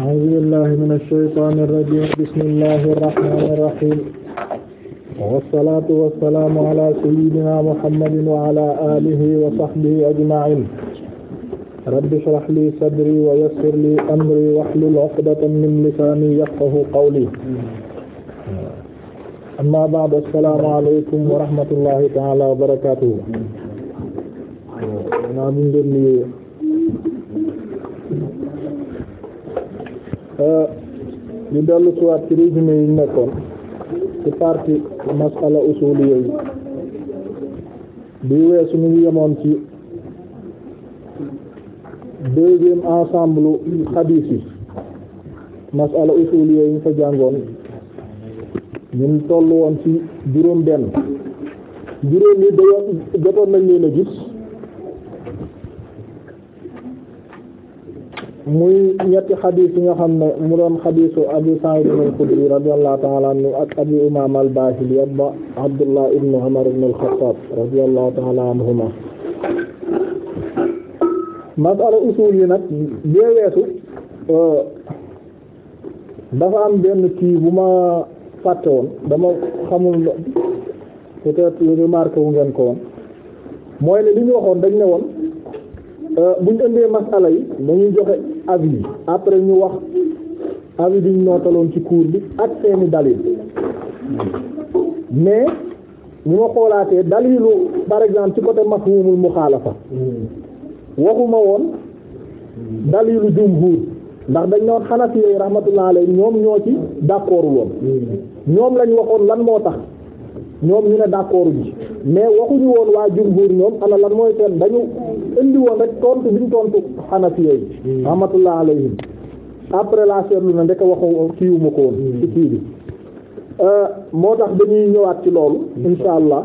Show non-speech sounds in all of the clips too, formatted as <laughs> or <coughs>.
أعوذ بالله من الشيطان الرجيم بسم الله الرحمن الرحيم والصلاة والسلام على سيدنا محمد وعلى آله وصحبه أجمعين رب اشرح لي صدري ويسر لي أمري واحلل عقدة من لساني يفقهوا قولي أما بعد السلام عليكم ورحمة الله تعالى وبركاته ñu dellu ci waat ci résumé yi nekkoon ci partie masala usul yooyu bi weesu ñu ngi yemoon ci deuxième ensemble xadiis yi masala usul yooyu ñu fa jàngoon ñun toll woon ci juróom benn juróom yi dayoon jotoon nañ leen a gis muy ñetti xadis yi nga xam ne mu doon xadisu Abu Sa'id al-Khudri radiyallahu ta'ala anhu ak Abu Umama al-Bahili ak Abdullah ibn Umar ibn al-Khattab radiyallahu ta'ala anhuma masala usul yi nag bee weesu euh, dafa am benn kii bu ma fàtte woon dama xamul peut-être remarqué wu ngeen ko woon mooy ne li ñu waxoon dañ ne woon euh, buñ ëndee masala yi dañuy joxe avis après ñu wax avis bi ñu nootaloon ci kuur bi ak seeni dalil mais bu ma xoolaatee dalilu par exemple ci côté mafhumul muxaalafa waxuma woon dalilu jumhur ndax dañ doon xanafi yi rahmatullah alayhi ñoom ñoo ci d'accord woon ñoom lañ waxoon lan moo tax ñoom ñu ne d'accord ji mais waxuñu woon waa jumhur ñoom ana lan mooy seen dañu indi woon rek tontu biñ tontu xanafiya yi hmm. rahmatullah alayhim après la seetlu na ndek waxu kiiwuma ko woon ci kii bi euh, moo tax dañuy ñëwaat ci loolu hmm. insha allah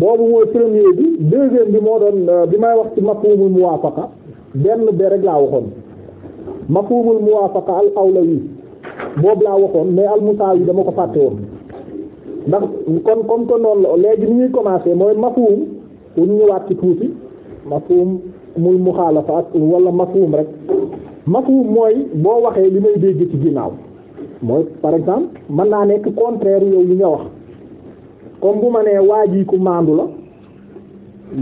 boobu mooy premier bi deuxième bi moo doon euh, bi may wax ci mafhumul muwaafaqa benn be rek laa waxoon mafhumul muwaafaqa al awlawi boobu laa waxoon mais al musaawi dama ko fàtte woon ndax kon comme que noonu léegi ni ñuy commencer mooy mafhum ñu ñëwaat ci tuuti mu mul muxaalafa ak wala mafhum rek mafhum mooy boo waxee li may dégg ci ginnaaw mooy par exemple mën naa nekk contraire yow yi nga wax comme bu ma nee waa ji ku maandu la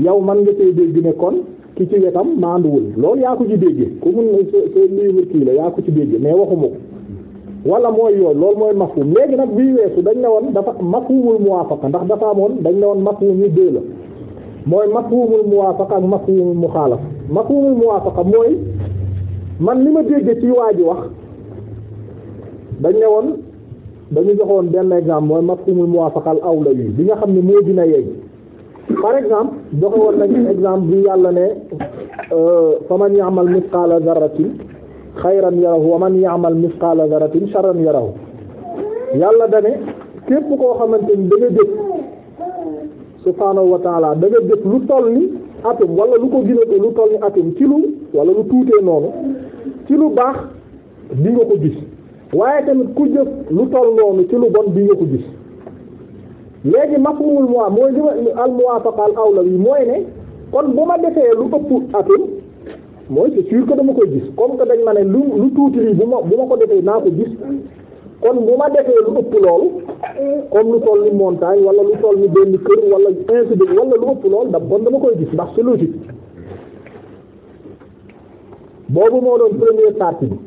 yow man nga see dégg nekkoon kon ki ci wetam maanduwul loolu yaa ko ci déggee ku mun see livre kii la yaa ko ci déggee mais waxuma ko wala mooy yoon loolu mooy mafhum léegi nag bii weesu dañ ne woon dafa mafhumul muwaafaqa ndax dafa amoon dañ ne woon mafhum yi deux mooy mafhumul muwaafaqa ak mafhumul muxaalaf mafhumul muwaafaqa mooy man li ma dégg ci waa ji wax dañ ne woon dañu joxoon benn exemple mooy mafhumul muwaafaqa al la yi bi nga xam ne moo dina yeey par exemple joxe woon nañu exemple bi yàlla ne euh, fa man ya'mal misqaala dharratin xayran yarahu wa man ya'mal misqaala dharratin sharran yarahu yàlla dane képp koo xamante ni da subhaanahu wa taala da nga jëf lu toll ni atum wala lu ko gënate lu toll ni atum ci lu wala lu tuutee noonu ci lu baax di nga ko gis waaye tamit ku jëf lu toll noonu ci lu bon di nga ko gis léegi mafhumul muwaa mooy li al muwaafaqa al awla bi mooy ne kon bu ma defee lu ëpp atum mooy c'est sûr que dama koy gis comme que dañ ma ne lu lu tuuti lii bu ma bu ma ko defee naa ko gis kon bu ma defee lu ëpp comme lu toll ni montagne wala lu toll ni benn kër wala ainsi de lu ëpp lool daf kon dama koy gis ndax c'est logique boobu moo doon première partie bi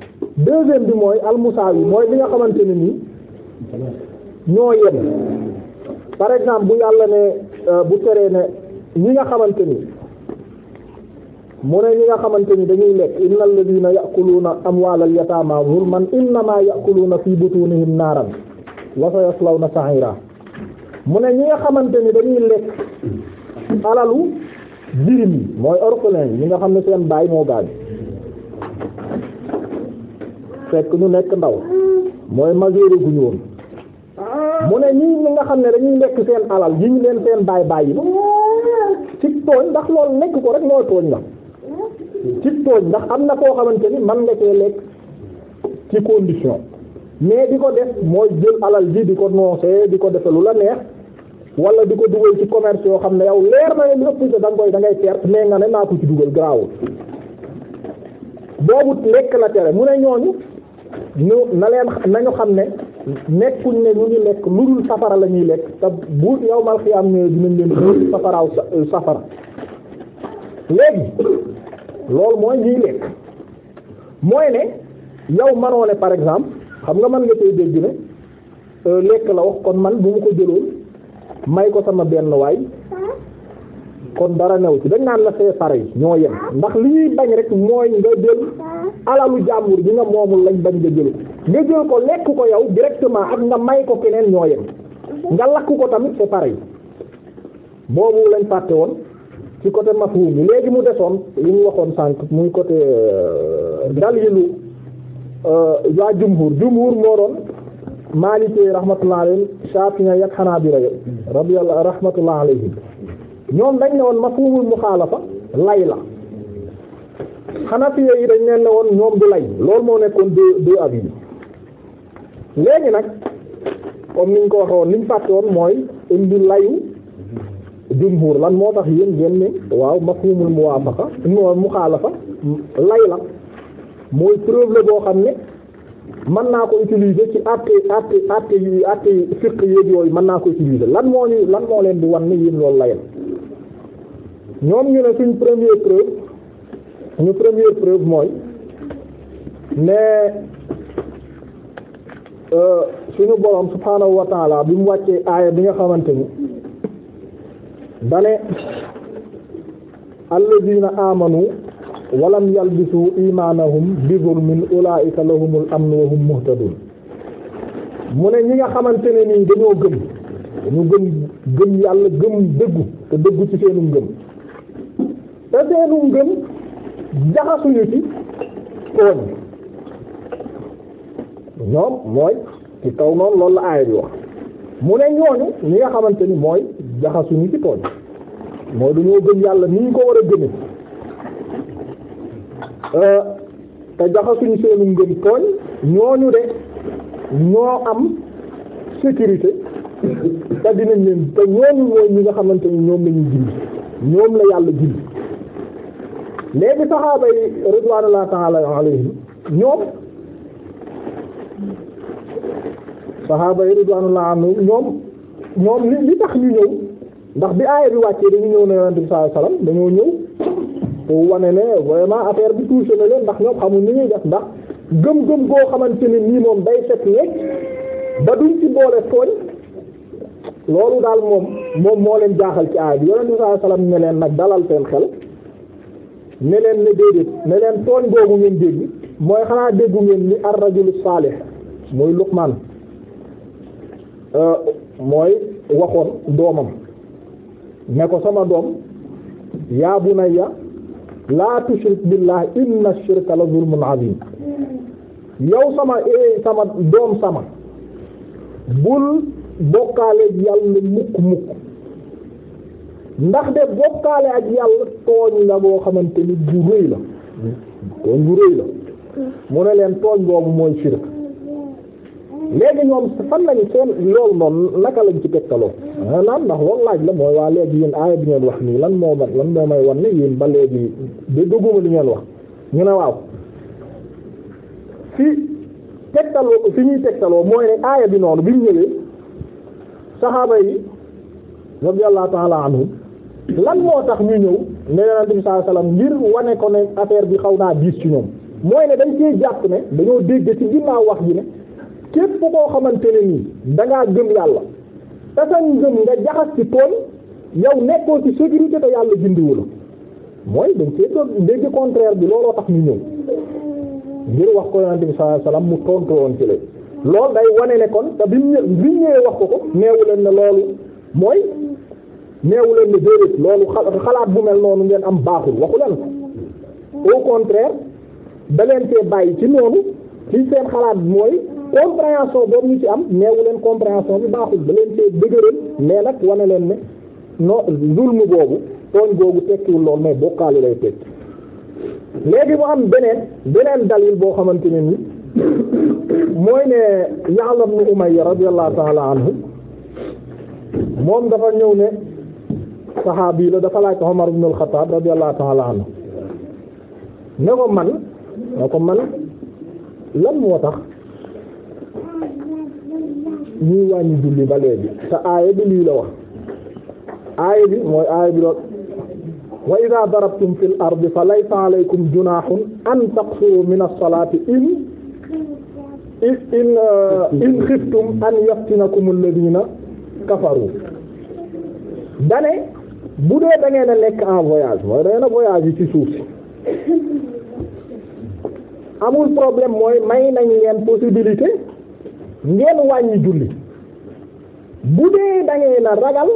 deuxième bi mooy almusaawi mooy li nga xamante ne nii ñoo yem par exemple bu yàlla ne euh, bu teree ne ñi nga xamante ni mu ne ñi nga xamante ni dañuy lekk innal ladina ya'kuluna man yatama zulman innama ya'kuluna fi butunihim naaran wa sayaslawna sa'ira mu ne ñi nga xamante ni dañuy lekk alalu birim yi mooy orphelin yi nga xam ne seen baay moo gaañ fekk ñu nekk ndaw mooy majeur gu ñu woon mu ne ñii ñu nga xam ne dañuy lekk seen alal yi ñu leen seen baay baay yi ci tooñ ndax loolu nekk ko rek mooy tooñ la ci tooñ ndax am na koo xamante ni man nga cee lekk ci condition mais di ko def mooy jël alal ji di ko noosee di ko defe lu la neex wala di ko dugal ci commerce yoo xam ne yow leer na leen ëpp sa da nga koy da nga ne naa ko ci dugal garaawul boobu lekk la tere mu ne ñooñu ñu na leen nañu xam ne nekkuñ ne ñu ngi lekk lu dul safara la ñuy lekk te bu yow mal xi am ne dinañ leen dóor safaraaw safara léegi loolu mooy ñuy lekk mooy ne yow manoo par exemple xam nga man nga koy dégg ne euh, lekk la wax kon man bu ma ko jëloon may ko sama benn waay kon dara new ci dañ naan la fee pare yi ñoo yem ndax li ñuy bañ rek mooy nga jël alalu jàmbur gi nga moomul lañ bañ nga jël ko lekk ko yow directement ak nga may ko keneen ñoo yem nga lakk ko tamit pare pareil boobu lañ fàtte woon ci côté mafhum léegi mu desoon li ñu waxoon sànq muy côté euh, dalilu Euh, waa jumhur jumhur moo doon maalikee rahmatullah alayhim shafi'i yak hanabila radiyallahu rahmatullah alayhim ñoom dañ ne woon mafhumul muxaalafa lay la hanafiya yi dañ leen ne woon ñoom du lay loolu moo nekkoon deux deux avis léegi nag comme niñ ko wax woon niñ fàtte woon mooy indi layu jumhur lan moo tax yéen ngeen ne waaw mafhumul muwaafaqa muxaalafa lay la mooy preuve la boo xam ne mën naa ko utiliser ci atte atte atte yu atte fiq yéeg yooyu mën naa ko utiliser lan moo ñu lan moo leen bi wan ni yéen loolu la yem ñoom ñu ne suñ première preuve ñu premier preuve mooy ne euh, suñu borom subhaanahu wa bi mu wàccee aaya bi nga xamante ni dane alladina amanu walam yalbisu imaanahum bi zulmin ulaa'ika lahumul am wa hum muhtadun mu ne ñi nga xamante ne nii dañoo gëm ñu gëm gëm yàlla gëm dëggu te dëggu ci seenu ngëm te seenu ngëm jaxasuñu ci tooñ ñoom mooy ci kaw noonu loolu la aaya bi wax mu ne ñooñu ñi nga xamante ni mooy jaxasuñu ci tooñ mooy dañoo gëm yàlla ni ñu ko war a gëme Euh, te jaxasuñ seenu ngëm tooñ ñooñu de ñoo am sécurité te dinañ leen te ñooñu mooy ñi nga xamante ni ñoom la ñuy ñoom la yàlla julli léegi saxaaba yi ridwaanullah ta'ala alayhim ñoom saxaaba yi ridwaanullah anhum ñoom ñoom li li tax ñu ñëw ndax bi aaya bi wàccee dañu ñëw na yonent bi sallallahu alayhi dañoo ñëw wane ne vraiment affaire bi touché na leen ndax ñoom xamul ni ñuy def ndax gëm-gëm boo xamante ne nii moom bay set lekk ba duñ ci boole tooñ loolu daal moom moom moo leen jaaxal ci aay bi yonent salaam sallallahu ne leen nag dalal seen xel ne leen ne déedéet ne leen tooñ boobu ngeen dégg mooy xanaa déggu ngeen ni ar-rajulu saalih muy Luqman euh, mooy waxoon doomam ne ko sama doom yaabu yaa ya laa tushrik billah inna shirka la zulmun azim yow sama eh sama doom sama bul bokkaale ak yàlla mukk mukk ndax de bokkaale ak yàlla tooñ la boo xamante ni bu rëy la tooñ bu rëy la mu ne leen tooñ boobu mooy shirk léegi ñoom fan lañu seen loolu moom naka lañ ci tegtaloo maanaam ah, ndax loolu laaj la mooy waa léegi yéen aaya bi ngeen wax nii lan moo ma lan may wan ne yéen ba léegi de dëgguma li ngeen wax ñu ne waaw fi tegtaloo fi ñuy tegtaloo mooy ne aaya bi noonu bi mu ñëwee saxaaba yi radiyallahu ta'ala anhum lan moo tax ñu ñëw ne yonent bi sallallahu alayhi ngir wane ko ne affaire bi xaw naa diis ci ñoom mooy ne dañ cee jàpp ne dañoo dégg ci ginnaaw wax ji ne képp koo xamante ne nii da ngaa gëm yàlla te sa ngëm nga jaxas ci tool yow nekkoo ci sécurité te yàlla gindiwu la mooy dañ see dégg contraire bi looloo tax ñu ñëw ngir wax ko yonent bi sallallahu mu tontu woon ci la loolu day wane ne te bi mu bi ñëwee wax ko ko neewu leen ne loolu mooy neewu leen ne déedéet loolu xalaat bu mel noonu ngeen am baaxul waxu leen ko au contraire da bàyyi ci noonu ci seen xalaat mooy. compréhension boobu ñu ci am neewu leen compréhension bi baaxul ba leen see dëgëral mais nag wane leen ne non zulmu boobu tooñ boobu tekkiwul lool mais bokkaale lay tekki léegi mu am beneen beneen dalil boo xamante ne ni mooy ne Ya'la ibn Umayya radiyallahu ta'ala anhu moom dafa ñëw ne saxaabi la dafa laaj Umar ibn al-Khattab radiyallahu ta'ala anhu ne ko man ne ko man lan moo tax ñuy wàññi julli ba léegi te aaya bi lii la wax aaya bi mooy aaya bi lool wa idaa darabtum fil ardi fa laysa alaykum junaahun an taqsuru min as-salaati in in in uh, xiftum an yaftinakum alladina kafaru dane bu dee da nekk en voyage mooy da ngeen voyage ci suuf si amul problème mooy may nañ leen ngeen wàññi julli bu dee da a ragal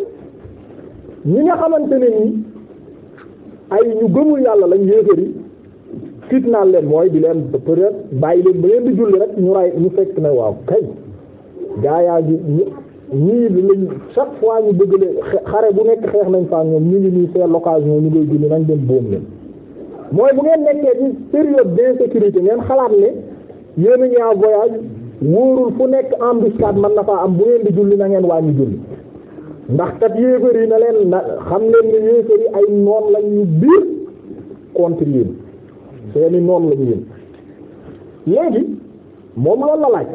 ñi nga xamante ne nii ay ñu gëmul yàlla lañ yéegari fitnaal leen mooy di leen peut bàyyi leen ba leen di julli rek ñu ray ñu fekk ne waaw kay gaayaa gi ñii lañ ñu bëgg leen xare bu nekk xeex nañ fa ñu ngi nii c'est l'occasion ñu ngay julli nañ dem boom leen mooy bu ngeen nekkee ci période d'insécurité ngeen xalaat ne yéen a ngi wóorul fu nekk embuscade man na faa am bu ngeen di julli na ngeen wàññi julli ndax kat yéefar yi na leen na xam leen ne yéefar yi ay noon lañ ñu biir contre yéen seeni noon lañ léegi moom loolu la laaj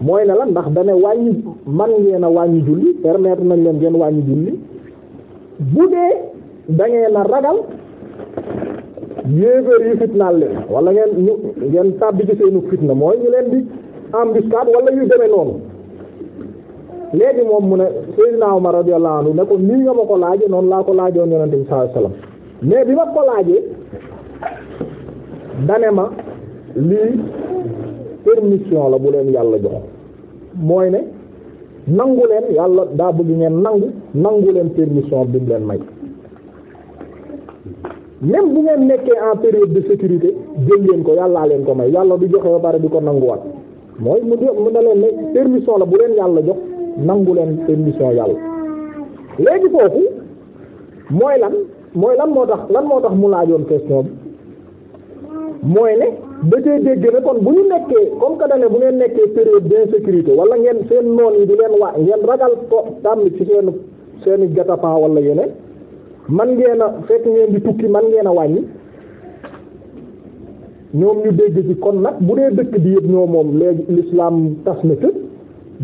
mooy ne la ndax dane wàññi man ngeen a wàññi julli permettre nañ leen ngeen wàññi julli bu dee da ngeen ragal yéefar yi fitnaal leen wala ngeen ñu ngeen tàbbi ci seenu fitna mooy ñu leen di embuscade wala yu demee noonu léegi moom mu ne Seydina Omar radiyallahu anhu ne ko nii nga ma ko laajee noonu laa ko laajoon yonente bi sallallahu alayhi wasallam mais bi ma ko laajee dane ma lii permission la bu leen yàlla jox mooy ne nangu leen yàlla daa bëgg ngeen nangu nangu leen permission bi mu leen may même bu ngeen nekkee en période de sécurité jël leen ko yàllaa leen ko may yàlla du joxe ba pare di ko nanguwaat mooy mu de mu ne leen ne permission la bu leen yàlla jox nangu leen permission yàlla léegi foofu mooy lan mooy lan moo tax lan moo tax mu laajoon question bi mooy ne da cee dégg ne kon bu ñu nekkee comme que dane bu ngeen nekkee période d'insécurité wala ngeen seen noon yi di leen waa ngeen ragal ko tàmmi ci seen seeni gatapan wala yeneen man ngeen a fekk ngeen di tukki man ngeen a wàññi ñoom ñu dégg ci kon nag bu dee dëkk bi yëpp ñoo moom léegi l'islam tas na fépp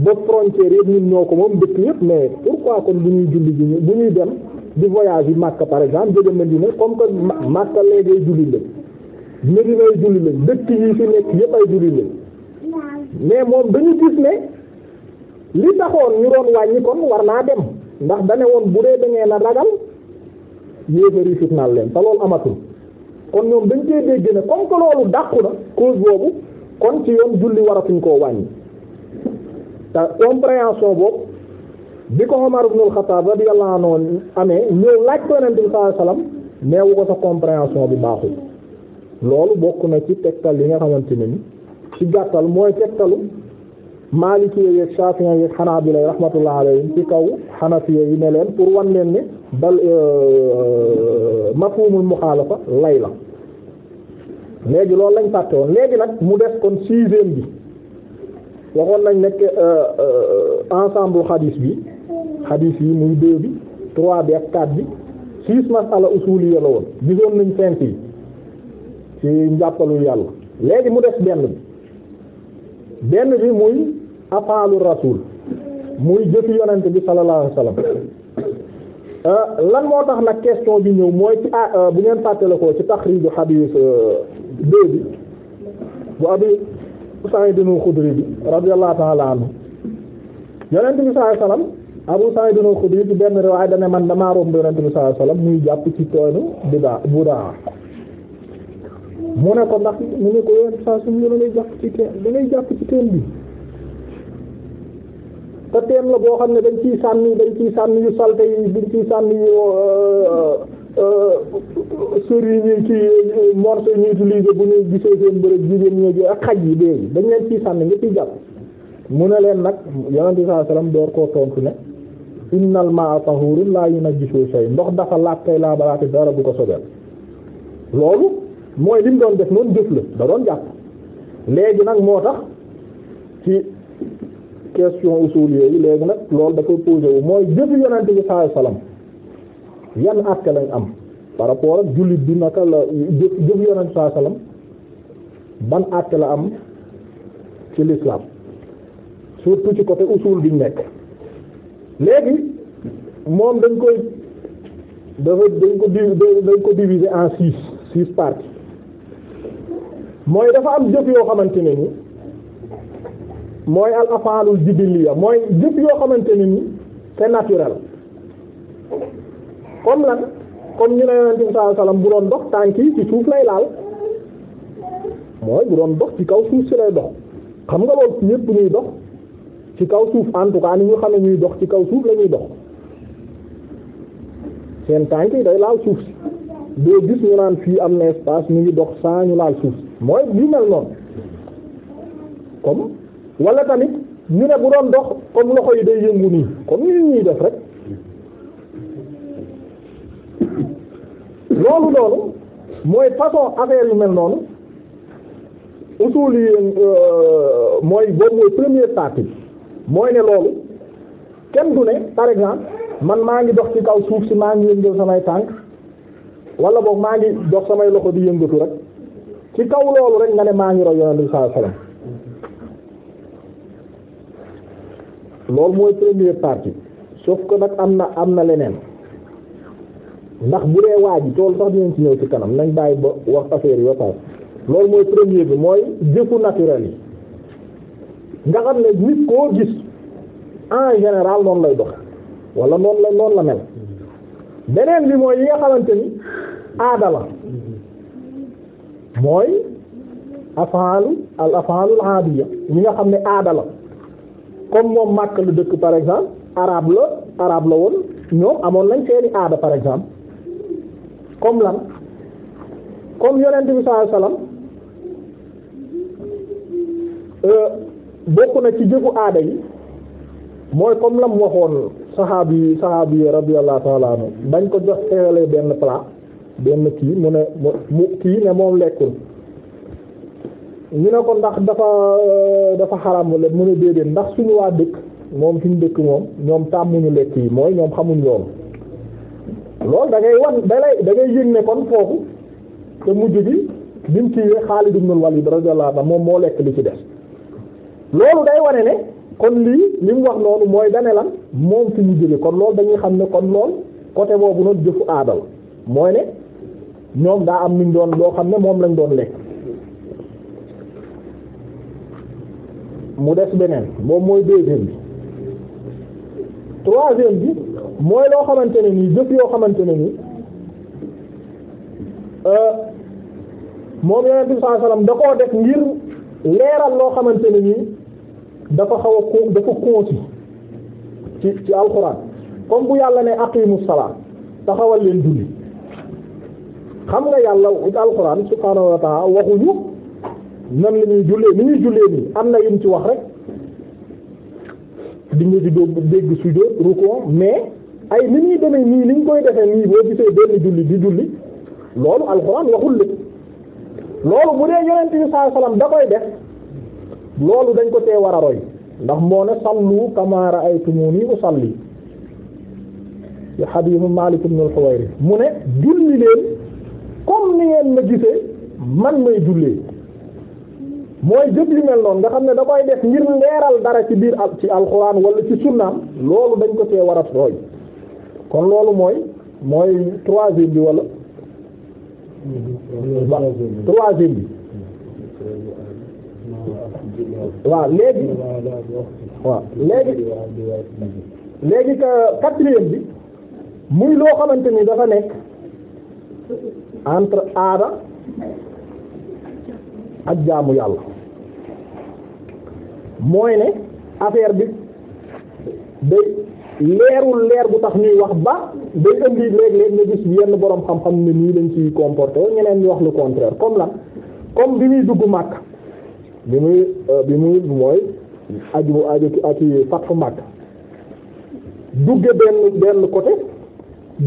ba frontière yëpp ñun ñoo ko moom dëkk yëpp mais pourquoi kon bu ñuy julli ji bu ñuy dem di voyage yi Makka par exemple jóge Medina comme que Makka léegi julli lañ Medina ay julli lañ dëkk yi fi nekk yëpp ay julli lañ mais moom dañu gis ne li taxoon ñu doon wàññi kon war naa dem ndax dane woon bu dee da ngeen a ragal yéefar yi fitnaal leen te loolu amatul kon ñoom dañ cee dégg ne comme que loolu dàqu na boobu kon ci yoon julli waratuñ koo wàññi te compréhension boobu bi ko Umar ibn al-Khattab radiyallahu amee ñëw laaj ko Yonent bi sallallahu alayhi wasallam neewu ko sa compréhension bi baaxul loolu bokk na ci tegtal yi nga xamante ne ni ci gàttal mooy tegtalu Maalikiyya yeeg Shafi'iyya yeeg Hanaabila rahmatullah alayhim ci kaw Hanafiyya yi ne leen pour wan leen ne dal euh, mafhumul muxaalafa lay la léegi loolu lañ fàtte léegi nag mu des kon sixième bi waxoon nañ nekk euh, euh, ensemble xadiis bi xadiis yi muy deux bi trois bi ak quatre bi six masala usuliya la woon gisoon nañ cinq yi ci njàppalu yàlla léegi mu des benn bi benn bi muy afaalu rasul muy jëfi yonent bi sallallahu alayhi euh, lan moo tax nag question bi ñëw mooy ci ah, bu ngeen fàttale ko ci taxriiju xadiis deux bi bu abi Saïd al-Khudri bi radiyallahu ta'ala anhu yonent bi sallallahu alayhi wasallam Abu Saïd al-Khudri bi benn riwaay dane man damaa romb yonent bi sallallahu alayhi wasallam jàpp ci toonu bidaa budaa mu ne ko ndax mu ne ko yonent saa suñu da ngay jàpp ci jàpp ci teen bi te teen la boo xam ne dañ ciy sànni dañ ciy sànni yu salte yi dañ ciy sànni yu euh, Euh, sëriñ yi ci morso ñu utilisé bu ñuy gisee seen bërëb jigéen ñi ak xaj yi léegi dañ leen ciy sànni nga ciy jàpp mu ne leen nag yonent bi sallallahu alayhi wasallam door koo tontu ne innal ma'a tahurun la yunajjisu shay ndox dafa laaj tey laa balaate dara bu ko sobeel loolu mooy li mu doon def noonu jëf la da doon jàpp léegi nag moo tax ci question usul yooyu léegi nag loolu dafa posé wu mooy jëf yonent bi sallallahu alayhi wasallam yann atka lañ am par rapport ak jullit bi naka la jëf jëf yonent saa sallam ban atka la am ci l'islam surtout ci côté usul biñ nekk léegi moom dañ koy dafa dañ ko dañ ko diviser en six six parties mooy dafa am jëf yoo xamante ne ni mooy al afaalul jibiliya mooy jëf yoo xamante ni c'est naturel comme lan comme ñu ne yonent bi sallallahu alayhi bu doon dox tànk yi ci suuf lay laal mooy bu doon dox ci kaw suuf si lay dox xam nga loolu ñépp ñuy dox ci kaw suuf en tout ni ñu xam ne ñuy dox ci kaw suuf ñuy dox seen tànk yi day laal suuf si doo gis ñu naan fii am na espace ñu ngi dox sans ñu laal suuf si mooy lu mel noonu comme wala tamit ñu ne bu doon dox comme loxo yi day yëngu nii ñu ni ñuy def rek loolu loolu mooy façon affaire yu mel noonu usul yi euh, mooy boobu mooy première partie mooy ne loolu kenn du ne par exemple man maa ngi dox ci kaw suuf si maa ngi yëngal samay tànk wala boog maa ngi dox samay loxo di yëngatu rek ci kaw loolu rek nga ne maa ngi roy yonent bi sallallahu loolu mooy première partie sauf ko nag am na am na leneen ndax bu dee waa ji tool sax dinañ ci ñëw ci kanam nañ bàyyi ba wax affaire yi ba pare loolu mooy premier bi mooy jëfu naturel yi nga xam ne nit koo gis en général noonu lay dox walla noonu la noonu la mel beneen bi mooy yi nga xamante ni aada la mooy afaalu al afaalu al aadiya yi nga xam ne aada la comme moom màkk lu dëkk par exemple arabe la arabe la woon ñoom amoon nañ seeni aada par exemple comme lan comme yonent bi sallallahu alayhi euh, bokk na ci jëfu aada yi mooy comme lam waxoon saxaab yi saxaabi yi radiyallahu ta'ala bañ ko jox teewalee benn plat benn kii mu ne mu kii ne moom lekkul ñu ne ko ndax dafa euh, dafa xaram wala mu ne déedéet ndax suñu waa dëkk moom suñu dëkk moom ñoom tàmmuñu lekk yi mooy ñoom xamuñ loolu loolu da ngay wan da lay da ngay yëg ne kon foofu te mujj bi bi mu kiiwee Xaalid ibn Walid radiyallahu anhu moom moo lekk li ci des loolu day wane ne kon lii li mu wax noonu mooy dane lan moom fi mu jóge kon lool dañuy xam ne kon lool côté boobu noonu jëfu aadal mooy ne ñoom daa am nuñ doon loo xam ne moom lañ doon lekk mu des beneen moom mooy deuxième bi troisième bi mooy loo xamante ne nii jëf yoo xamante ne nii euh, moom yonent bi sallallahu alayhi wasallam def ngir leeral loo xamante ne nii dafa xaw a ko dafa kóoti ci ci alxuraan comme bu yàlla ne aqimu salaat taxawal leen julli xam nga yàlla ci alxuraan subhaanahu wa ta'ala waxuñu nan la ñuy jullee ni ñuy jullee nii am na yum ci wax rek di nga di dégg sujjóot ruku mais ay ni ñuy demee nii li koy defee nii boo gisee benn julli di julli loolu alxuraan waxul lépp loolu bu dee yonent bi sallallahu da koy def loolu dañ ko tee war a roy ndax moo ne sallu kama ra'aytumuni usalli ci hadiisu Maalik ibn al-Huwayri mu ne julli leen comme ni ngeen ma gisee man may jullee mooy jëf yu mel noonu nga xam ne da koy def ngir leeral dara ci biir al ci alxuraan wala ci sunnaam loolu dañ ko tee war a roy kon loolu mooy mooy troisième bi wala troisième bi waaw léegi waaw léegi léegi que quatrième bi muy loo xamante ni dafa nekk entre aada ak jaamu yàlla mooy ne affaire bi day leerul leer bu tax ñuy wax ba day indi léeg-léeg nga gis yenn boroom xam-xam ne nii lañ ciy comporté ñeneen ñu wax lu contraire comme la comme bi muy dugg màkk bi muy euh, bi muy mooy aju aju ak fatfu màkk dugge benn benn côté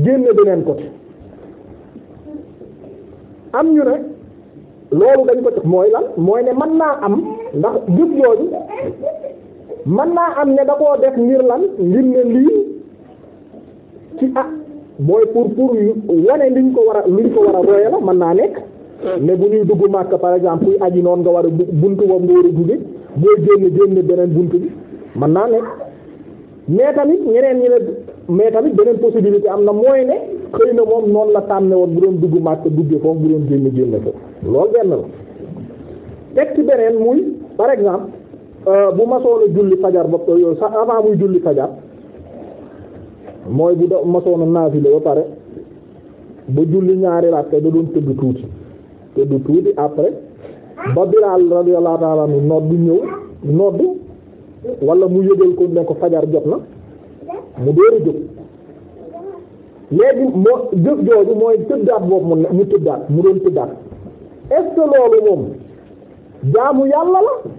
génne beneen côté am ñu ne loolu dañ ko ci mooy lan mooy ne mën naa am ndax gis yooyu man naa am ne da koo def ngir lan ngir ne lii ci ah mooy pour pour wane liñ ko war a liñ ko war a roye la mën naa nekk mais bu ñuy dugg màkk par exemple kuy yi noon nga war a buntu boobu nga war a dugge boo génn génn beneen buntu bi mën naa nekk mais tamit ñeneen ñi ne mais tamit beneen possibilité am na mooy ne xëy na moom noonu la tànne woon bu doon dugg màkk dugge foofu bu doon génn génn foofu loolu benn la teg ci beneen muy par exemple Euh, bu masoon a julli fajar ba yooyu sax muy julli fajar mooy bu da masoon a naafile ba pare ba julli ñaari ràkke da doon tëdd tuuti tëdd tuuti après ba Bilaal radiyallahu ta'ala anhu nodd ñëw nodd wala mu yëgal ko ne ko fajar jot na mu door a léegi moo jëf jooju mooy tëddaat boobu mu ne mu doon tëddaat est loolu moom jaamu yàlla la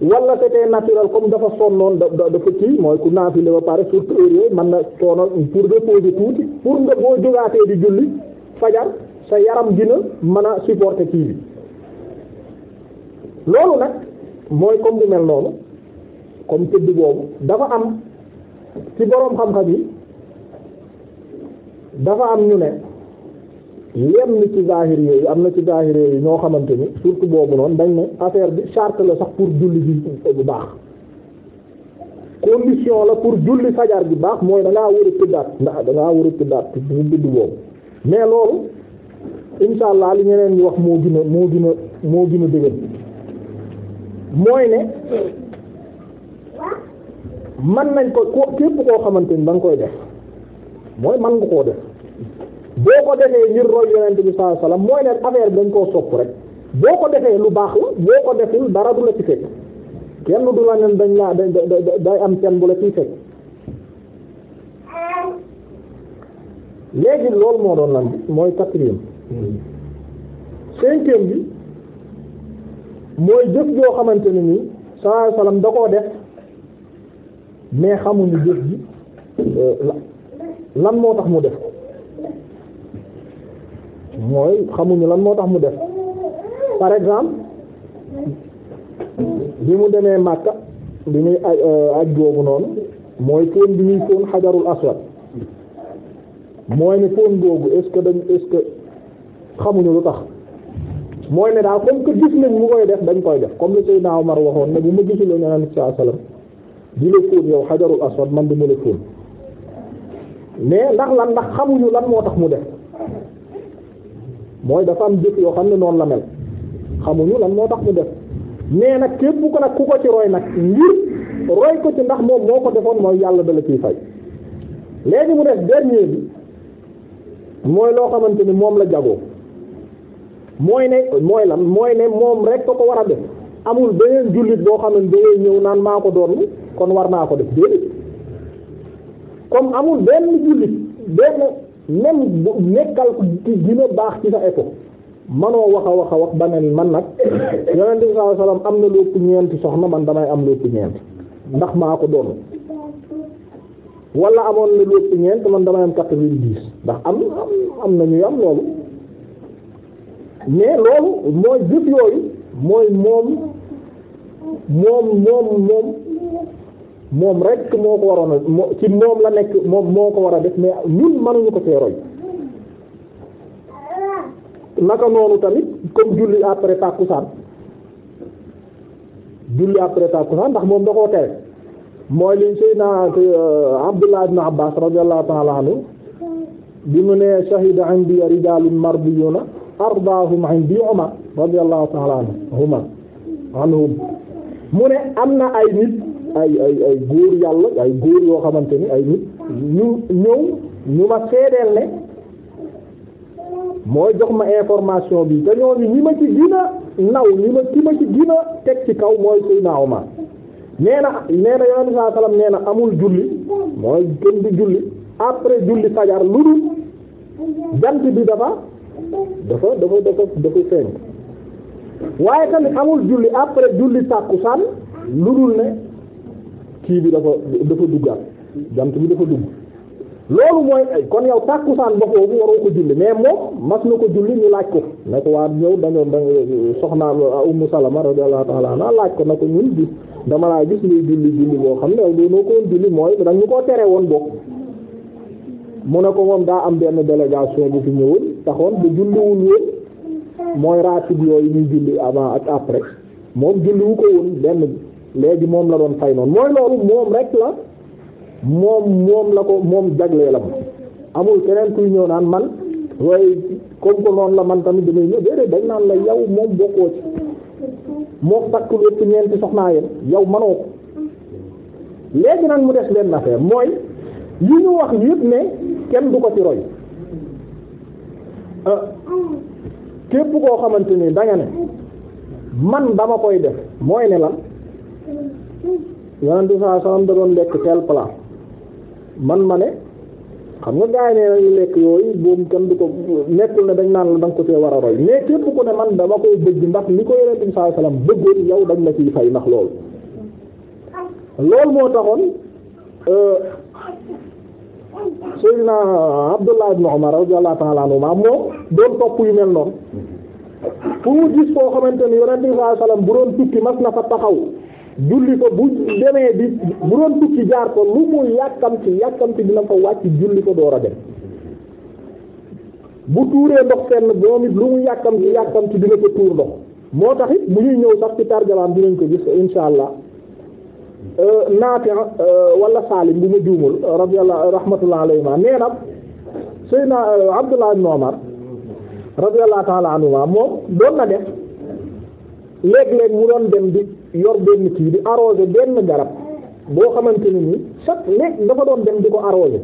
wala c'était naturel comme dafa sonnoon da dafa kii mooy ku naafile ba pare surtout heure mën na coono pour reposer tuuti pour nga boo jógaatee di julli fajar sa yaram dina mën a supporter kii bi loolu nag mooy comme bu mel noonu comme tëdd boobu dafa am ci boroom xam-xam yi dafa am ñu ne yenn ci zahir yooyu am na ci zahir yi ñoo xamante ni surtout boobu noonu dañ ne affaire bi charte la sax pour julli bi bu baax condition la pour julli fajar bi baax mooy da ngaa war a tëddaat ndax da ngaa war a tëddaat bu bidd boobu mais loolu insha allah li ñeneen ñi wax moo gën a moo gën moo gën a dëgër mooy ne man nañ ko képp koo xamante ni da koy def mooy man nga koo def boo ko defee ngir roy yonent bi sallallahu alayhi wasallam mooy ne affaire bi dañ koo sopp rek boo ko defee lu baax la boo ko deful dara du la ci fekk kenn du la nen dañ laa day am kenn bu la ciy fekk léegi loolu moo doon lan bi mooy quatrième cinquième bi mooy jëf joo xamante ne nii sallallahu alayhi wasallam da koo def mais xamuñu jëf ji euh, lan moo tax mu def mooy xamuñu lan moo tax mu def par exemple bi mu demee Makka bi muy aj euh, aj boobu noonu mooy fóon bi ñuy fóon xajarul aswad mooy ne fóon boobu est dañ est xamuñu lu tax mooy ne daal comme que gis nañ mu koy def dañ koy def comme le Seydina Omar waxoon ne bu ma gisuloo ñeneen saa salaam di la fóon yow xajarul aswad man di ma la fóon mais ndax lan ndax xamuñu lan moo tax mu def mooy dafa am jëf yoo xam ne noonu la mel xamuñu lan moo tax mu def nee nag képp ko nag ku ko ci roy nag ngir roy ko ci ndax moom moo ko defoon mooy yàlla dala ciy fay léegi mu def dernier bi mooy loo xamante ni moom la jagoo mooy ne mooy lan mooy ne moom rek ko ko war a def amul beneen jullit boo xam ne day ñëw naan maa ko doon kon war naa ko def déedéet comme amul benn jullit benn même bu nekkal ci gën baax ci sa époque manoo wax a wax a wax ba man nag yonent bi sallallahu alayhi wasallam am na lu ëpp ñeenti man damay am lu ndax maa ko amoon na man damay am quatre-vingt-dix ndax am am na ñuy am loolu mais loolu mooy jëf yooyu mooy moom moom moom moom moom rek moo ko waroon a ci moom la nekk moom moo ko war a def mais ñun mënuñu ko see naka noonu tamit comme julli après tàkkusaan julli après tàkkusaan ndax moom da koo tere mooy liñ Seydina euh, Abdullah ibn Abbas radiyallahu ta'ala anhu bi mu ne shahida indi rijalun mardiyuna ardaahum indi Umar radiyallahu mu ne am na ay nit ay ay ay góor yàlla ay góor yoo xamante ni ay nit ñu ñëw ñu ma seedeel ne mooy jox ma information bi te ñooñu ñi ma ci gina naw ñi ma ci ma ci gina teg ci kaw mooy suy naaw ma nee na nee na saa salaam nee amul julli mooy kenn di julli après julli fajar lu dul jant bi dafa dafa dafa dafa dafa feeñ waaye tamit amul julli après julli tàkkusaan lu dul ne kii bi dafa dafa duggaat jant bi dafa dugg loolu mooy ay kon yow tàkkusaan ba foofu waroo ko julli mais moom mas na ko julli ñu laaj ko ne ko waa ñëw dañoo da soxna Ummu Salama radiyallahu ta'ala anha laaj ko na ko ñun gis dama laa gis ñuy julli julli boo xam ne yow noo koon julli mooy dañ ñu koo tere woon bokk mu ne ko moom daa am benn délégation bu fi ñëwoon taxoon bu julliwul woon mooy raatib yooyu ñuy julli avant ak après moom julliwu ko woon benn léegi moom la doon fay noonu mooy loolu moom rek la moom moom la ko moom jagleel la amul keneen kuy ñëw naan man waaye comme que noonu la man tamit damay ñëw déedéet dañ naan la yow moom bokkoo ci moo takk lu ëpp ñeenti soxnaa yéen manoo ko léegi nag mu des benn affaire mooy yu ñu wax yëpp ne kenn du ko ci roy euh, képp koo xamante ni danga ne man dama koy def mooy ne lan yonent saa salaam da doon lekk tel plat man ma ne xam nga gars yi nee lekk yooyu boobu kenn du ko nekkul ne dañ naan la da ko see war a roy mais képp ku ne man dama koy bëgg ndax ni ko yonent bi saa salaam bëggoon yow dañ la ciy fay ndax loolu loolu moo taxoon euh, Sayyidina Abdullah ibn Umar radiyallahu ta'ala anhuma moom doon topp yu mel noonu pour mu gis foo xamante ni yonent saa salaam bu doon tukki mas na fa taxaw. julli ko bu demee bi bu doon tukki jaar ko lu mu yàkkamti yàkkamti dina ko wàcc julli ko door a dem bu tuuree ndox fenn boom it lu mu yàkkamti yàkkamti dina ko tuur ndox moo taxit it bu ñuy ñëw sax ci tarjamaam dinañ ko gis insha allah euh, naate euh, wala Salim bu ma juumul radiyallahu rahmatullah alayhima nee na Seydina euh, Abdullah ibn Umar radiyallahu ta'ala anhuma moom doon na def léeg mu doon dem di yor benn kii di arrosé benn garab boo xamante ne ni chaque léegi dafa doon dem di ko arrosé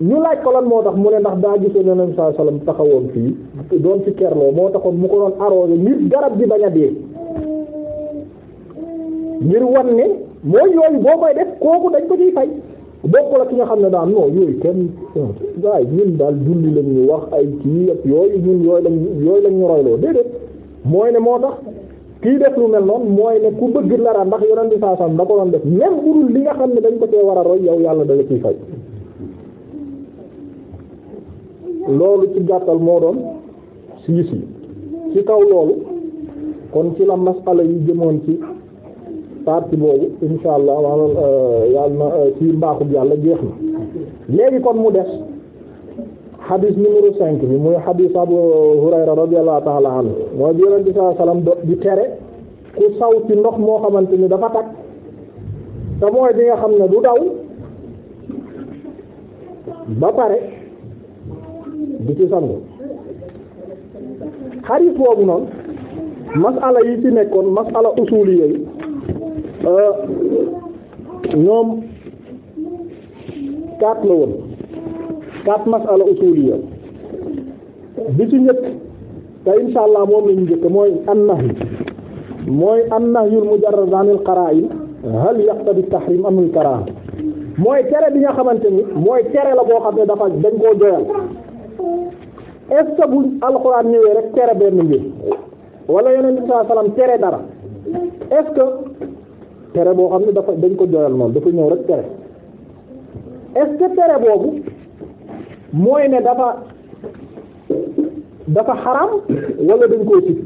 ñu laaj ko lan moo tax mu ne ndax daa gisee yeneen saa salaam taxawoon fii doon fi kerloo moo taxoon mu ko doon arrosé ngir garab bi bañ a dee ngir wan ne mooy yooyu boo koy def kooku dañ ko ciy fay bokk la ki nga xam ne daan non yooyu kenn waaye ñun daal julli lañ ñu wax ay kii ak yooyu ñun yooyu lañ yooyu lañ ñu royloo déedéet mooy ne moo tax. kii def lu mel noonu mooy ne ku bëgg dara ndax yonent bi saa saam da ko doon def même bu dul li nga xam ne dañ ko cee war a roy yow yàlla dala ciy fay loolu ci gàttal moo doon siis yi ci kaw loolu kon ci la masala yi jëmoon ci partie boobu insha allah wala euh, yàlla euh, ci mbaaxu yàlla jeex na léegi kon mu des xadis numéro cinq bi muy xadis Abu Hurayra radiyallahu ta'ala anhu mooy bi bi do di tere ku saw ci ndox moo xamante ni dafa tag te mooy bi nga xam ne du daw ba pare du ci sangu xadis boobu noonu masala yi ci nekkoon masala usuli yooyu euh, ñoom quatre la woon quatre masala usuliyya bi ci njëkk te insha allah moom lañu njëkk mooy an-nahy mooy an-nahyul mujarrad anil qara'in hal yaqtadi tahrim am al mooy tere bi nga xamante ni mooy tere la boo xam ne dafa dañ koo joyal est ce bu alxuraan ñëwee rek tere benn mbir wala yeneen bi saa salaam tere dara est ce que tere boo xam ne dafa dañ ko joyal noonu dafa ñëw rek tere est tere boobu mooy ne dafa dafa xaram wala dañ koo sib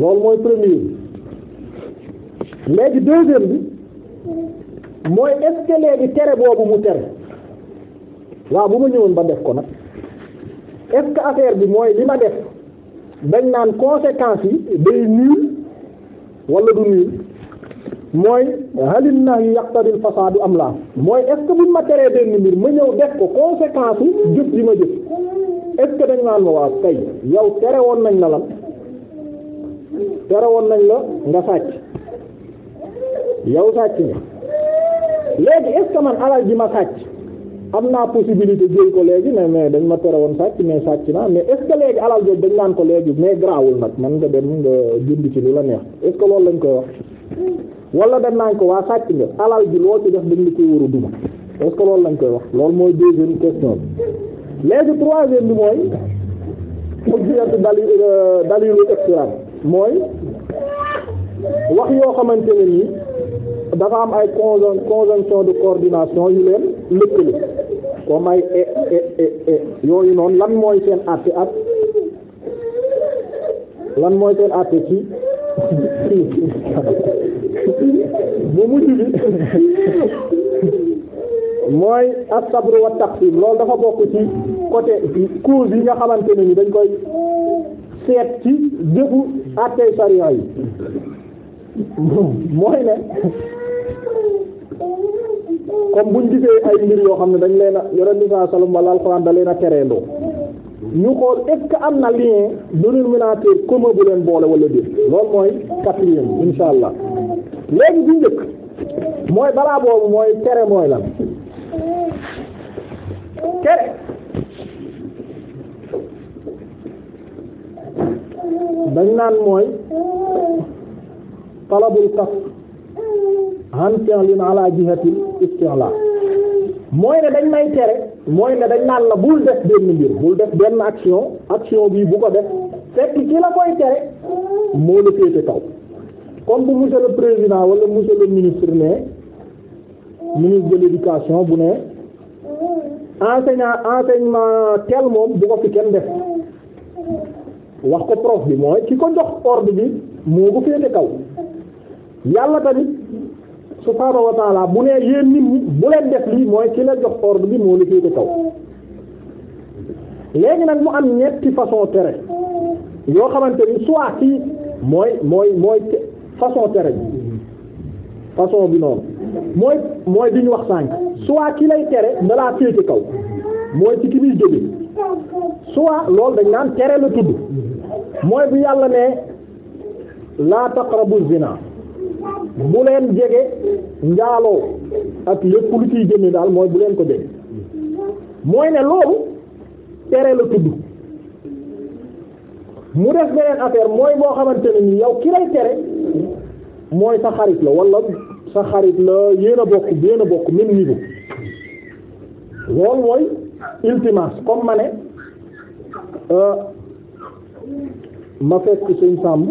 loolu mooy premier bi léegi deuxième bi mooy est-ce tere boobu mu tere waaw bu ma ñëwoon ba def ko nag est-ce affaire bi mooy li ma def dañ naan conséquences yi day nul wala du nul mooy halin na yaqtaril fasaadu am laa mooy est-ce que buñ ma teree benn mbir ma ñëw def ko conséquence u jëf ji ma jëf est dañ naan ma waaw tey yow tere woon nañ la lan tere woon nañ la nga sàcc yow sàcc nga léegi est-ce que man alal ji ma sàcc am naa possibilité jël ko léegi mais mais dañ ma tere woon sàcc mais sàcc naa mais est léegi alal jooju dañ naan ko léegi mais grawul nag man nga dem nga jënd ci lu la neex est-ce lañ koy wax wala dañ naan ko waa sàcc nga alal ji loo def dañ la koy war a duma est-ce lañ koy wax loolu mooy deuxième question bi léegi troisième bi mooy xujjatu dali euh, dalilu extran mooy wax yoo xamante ne nii dafa am ay conjon conjonction de coordination yu leen lëkkale comme ay e, e, e, yooyu noonu lan mooy seen àtte ak <laughs> bu mujj bi mooy as-sabr wa taqsim dafa bokk ci côté cause yi nga xamante ne ni dañ koy seet ci jëfu àttey sariya yi mooy ne comme buñ gisee ay mbir yoo xam ne dañ leen a yore bi saa sallam wala alxuraan da leen a tereendoo ñu xool est-ce que am na lien dénominateur commun bu leen boole wala déet loolu mooy quatrième insha léegi bi njëkk mooy balaa boobu mooy tere mooy lan tere dañ naan mooy talabul kaf an fi'lin ala jihatil isti'la mooy ne dañ may tere mooy ne dañ naan la bul def benn mbir bul def benn action action bii bu ko def fekk ki la koy tere moo la kaw comme bu monsieur le président wala monsieur le ministre ne ministre de l'éducation bu ne enseignant enseignement tel moom bu ko fi kenn def wax ko prof bi mooy ki ko jox ordre bi moo ko féete kaw yàlla tamit subhaanahu wa taala bu ne yéen nit bu leen def lii mooy ki la jox ordre bi moo la féete kaw léegi nag mu am ñetti façon tere yoo xamante ni soit ci mooy mooy mooy façon tere façon bi noonu mooy mooy bi ñu wax sànk soit ki lay tere da laa féete kaw mooy ci ki muy jóge soit loolu dañ naan tere la tudd mooy bu yàlla ne laa taqrabu zina bu leen jege njaaloo ak lépp lu ciy jëme daal mooy bu leen ko jege mooy ne loolu tere la tudd mu def beneen affaire mooy boo xamante ne ni yow ki lay mooy sa xarit la wala sa xarit la yéen a bokk yéen a bokk même niveau loolu mooy ultimas comme ma ne euh, ma fekk suñ sàmm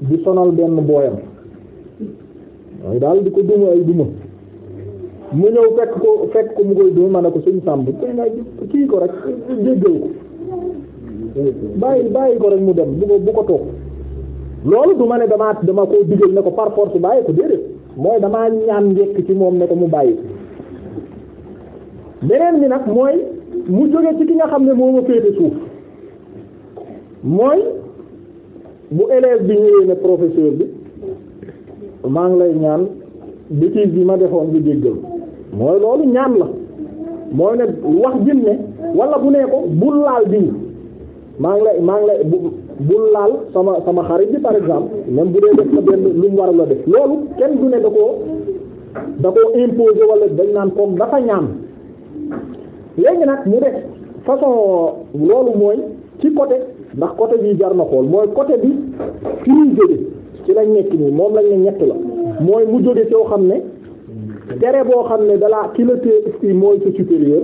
di sonal benn booyam mooy daal di ko duma ay duma mu ñëw fekk ko fek ko mu koy duma ma ne ko suñ kii ko rek jéggal ko bàyyi bàyyi ko rek mu dem bu ko bu ko toog loolu du ma ne damaa dama koy digal ne ko par force bàyyi ko déedéet mooy damaa ñaan njekk ci moom ne ko mu bàyyi beneen bi nag mooy mu jóge ci ki nga xam ne moo ma féete suuf mooy bu élève bi ñëwee ne professeur bi maa ngi lay ñaan bêtise bi ma defoon bi jéggal mooy loolu ñaan la mooy ne wax jëm ne wala bu nee ko bul laal diw maa ngi lay maa ngi lay bu bul laal sama sama xarit bi par exemple même bu dee def na benn lu mu war a la def loolu kenn du ne da koo da koo imposé wala dañ naan koom dafa ñaan léegi nag mu def façon loolu mooy ci côté ndax côté bi jar na xool mooy côté bi fi muy jóge ci lañ nekk nii moom lañ ne ñett la mooy mu jóge soo xam ne tere boo xam ne dalaa ki la téye mooy sa supérieur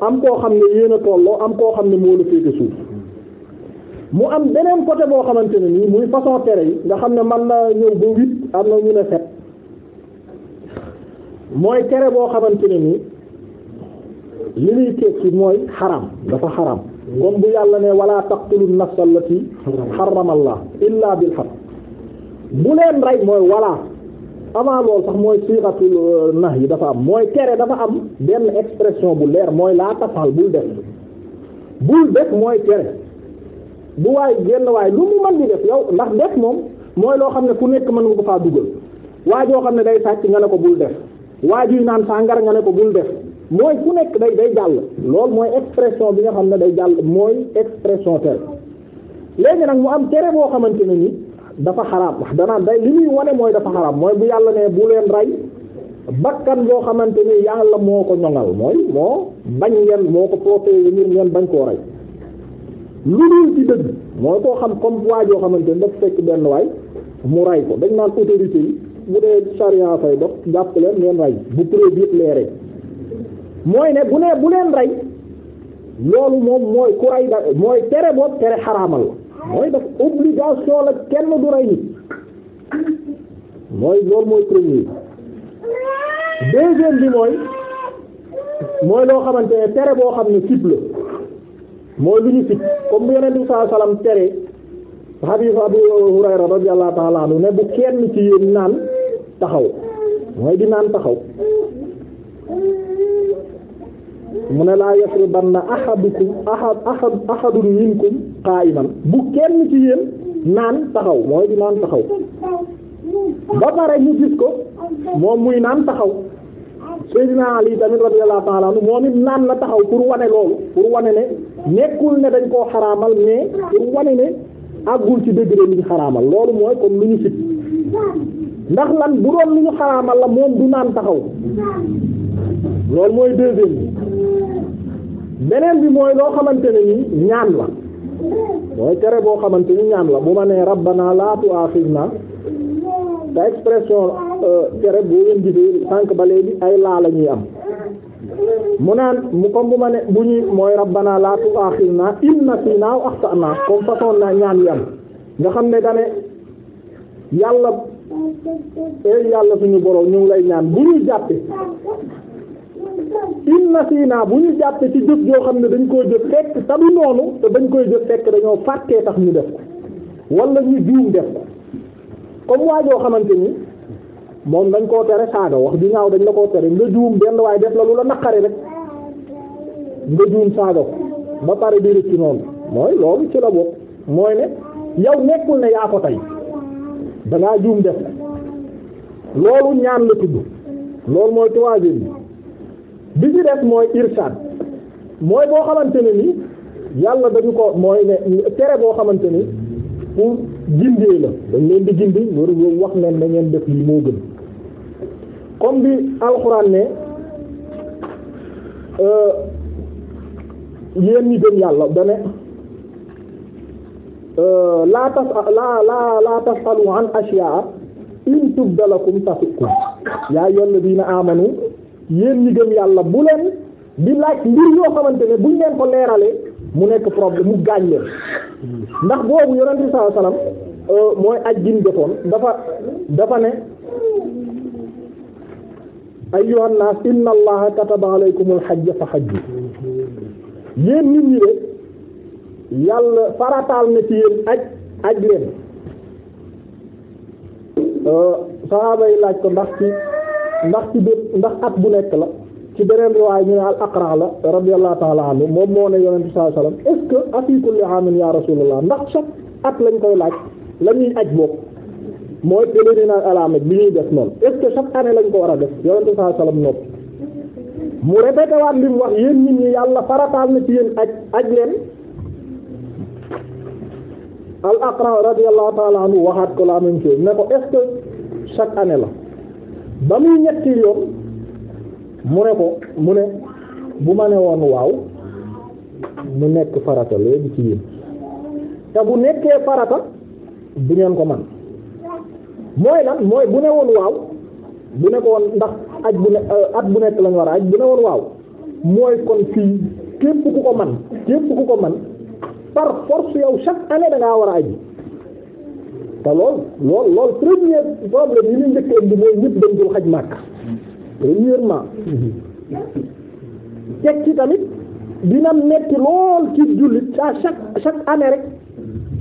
am koo xam ne yéen a tolloo am koo xam ne moo la féete suuf mu am beneen côté boo xamante ne nii muy façon tere yi nga xam ne man na ñëw ba huit am na ñu ne sept mooy tere boo xamante ne nii li muy tekki mooy xaram dafa xaram comme bu yàlla ne wala taqtulu nafsa allati harrama allah illa bil haqq bu leen rey mooy wala avant loolu sax mooy siixatul euh, nax yi dafa am mooy tere dafa am benn expression bu leer mooy laa tafal bul def bul def mooy tere bu waay genn waay lu mu mën di def yow ndax def moom mooy loo xam ne ku nekk mën nga ko faa dugal waa joo xam ne day sàcc nga ne ko bul def waa juy naan sàngara nga ne ko bul def mooy ku nekk day day jàll loolu mooy expression bi nga xam ne day jàll mooy expression tere léegi nag mu am tere boo xamante ne ni dafa xaraam wax danaan day li muy wane mooy dafa xaraam mooy bu yàlla ne bu leen rey bakkan boo xamante ni yàlla moo ko ñoŋal mooy moo bañ ngeen moo ko protéger ngir ngeen bañ koo rey lu dul ci dëgg mooy koo xam comme waa joo xamante ni dafa fekk benn waay mu rey ko dañ naan autorité yi bu dee charia fay dox jàpp leen ngeen rey bu preuve yëpp leeree mooy ne bu nee bu leen rey loolu moom mooy ku rey da mooy tere boobu tere xaraamal la mooy daf obligation la kenn du rey nit mooy loolu mooy premier deuxième bi mooy mooy loo xamante ne tere boo xam ne sib la mooy lu ñu sib comme bu yonent di saa salaam tere hadith Abu Hurayra radiyallahu ta'ala anhu ne bu kenn ci yéen naan taxaw mooy di naan taxaw mu ne laa yasribanna ahadukum ahad ahad ahadun minkum qa'iman bu kenn ci yéen naan taxaw mooy di naan taxaw ba pare ñu gis ko moom muy naan taxaw Seydina Ali tamit radiyallahu ta'ala anhu moo it naan la taxaw pour wane loolu pour wane ne nekkul ne dañ koo xaraamal mais pour wane ne àggul ci degré li ñu xaraamal loolu mooy comme lu ñu sit ndax lan bu doon lu ñu xaraamal la moom du naan taxaw loolu mooy deuxième bi beneen bi mooy loo xamante ne ni ñaan la mooy tere boo xamante ni ñaan la bu ma nee rabbana laa tu'akhidna te expression euh, tere boo leen gisee sànq ba léegi ay laa la ñuy am mu naan mu comme bu ma ne bu ñuy mooy rabbana laa tu'akhidna in nasina aw akhtana comme façon na ñaan yi nga xam ne dane yàlla eey eh, yàlla suñu borom ñu lay ñaan bu ñuy jàppe in nasiina bu ñu jàppee ci jëf yoo xam ne dañ koy jëf fekk te noonu te dañ koy jëf fekk dañoo fàttee tax ñu def ko wala ñu juum def ko comme waa xamante ni moom dañ koo tere saaga wax ju ñaaw dañ la koo tere nga juum benn waaye def la lu la naqari rek nga juum saaga ko ba pare di rëcc noonu mooy loolu ci la bokk mooy ne yow nekkul ne yaa ko tey dangaa juum def loolu ñaan la tudd loolu mooy troisième bi ci des mooy irsaad mooy boo xamante ne ni yàlla dañu ko mooy ne tere boo xamante ni pour gindee la dañ leen di gindi loolu wax leen na ngeen def lii moo gën comme bi alxuraan ne euh, yéen ñi yàlla da ne euh, laa tas laa laa laa tasalu an asyaa in tubdalakum tasukum yaa ayyuhal ladina amanu yéen ñi yàlla bu leen di laaj mbir yoo xamante ne buñ leen ko leeralee mu nekk problème mu gaañ leen ndax boobu yonent bi sallallahu euh, mooy aj jim dafa dafa ne ayyuhan nas inna allaha kataba alaykumul hajj fa hajju yéen nit ñi yàlla farataal na ci yéen aj aj leen euh, saxaaba yi laaj ko ndax ci ndax ci bépp ndax at bu nekk la ci beneen riwaay ñu ne al aqra la radiyallahu ta'ala anhu moom moo ne yonent sallallahu alayhi wasallam est-ce que afi kulli amin ya rasulullah ndax chaque at lañ koy laaj la aj bopp mooy pèlerinage à la Mecque bi ñuy def noonu est-ce que chaque année lañ ko war a def yonent sallallahu alayhi wasallam nopp mu répété waat li mu wax yéen nit ñi yàlla farataal na ci yéen aj aj leen al aqra radiyallahu ta'ala anhu waxaat ko laa même chose ne ko est que chaque année la ba muy ñetti yoon mu ne ko mu ne bu ma ne woon waaw mu nekk farata léegi ci yéen te bu nekkee farata du ngeen ko man mooy lan mooy bu ne woon waaw bu ne ko woon ndax aj bu ne euh, at bu nekk lañ war a aj bu ne woon waaw mooy kon fii képp ku ko man képp ku ko man par force yow chaque année da ngaa war a aji te lool lool lool premier problème yi ñu njëkk indi mooy ñëpp dañ dul xaj màkk premièrement teg ci tamit dina metti lool ci jullit à chaque chaque année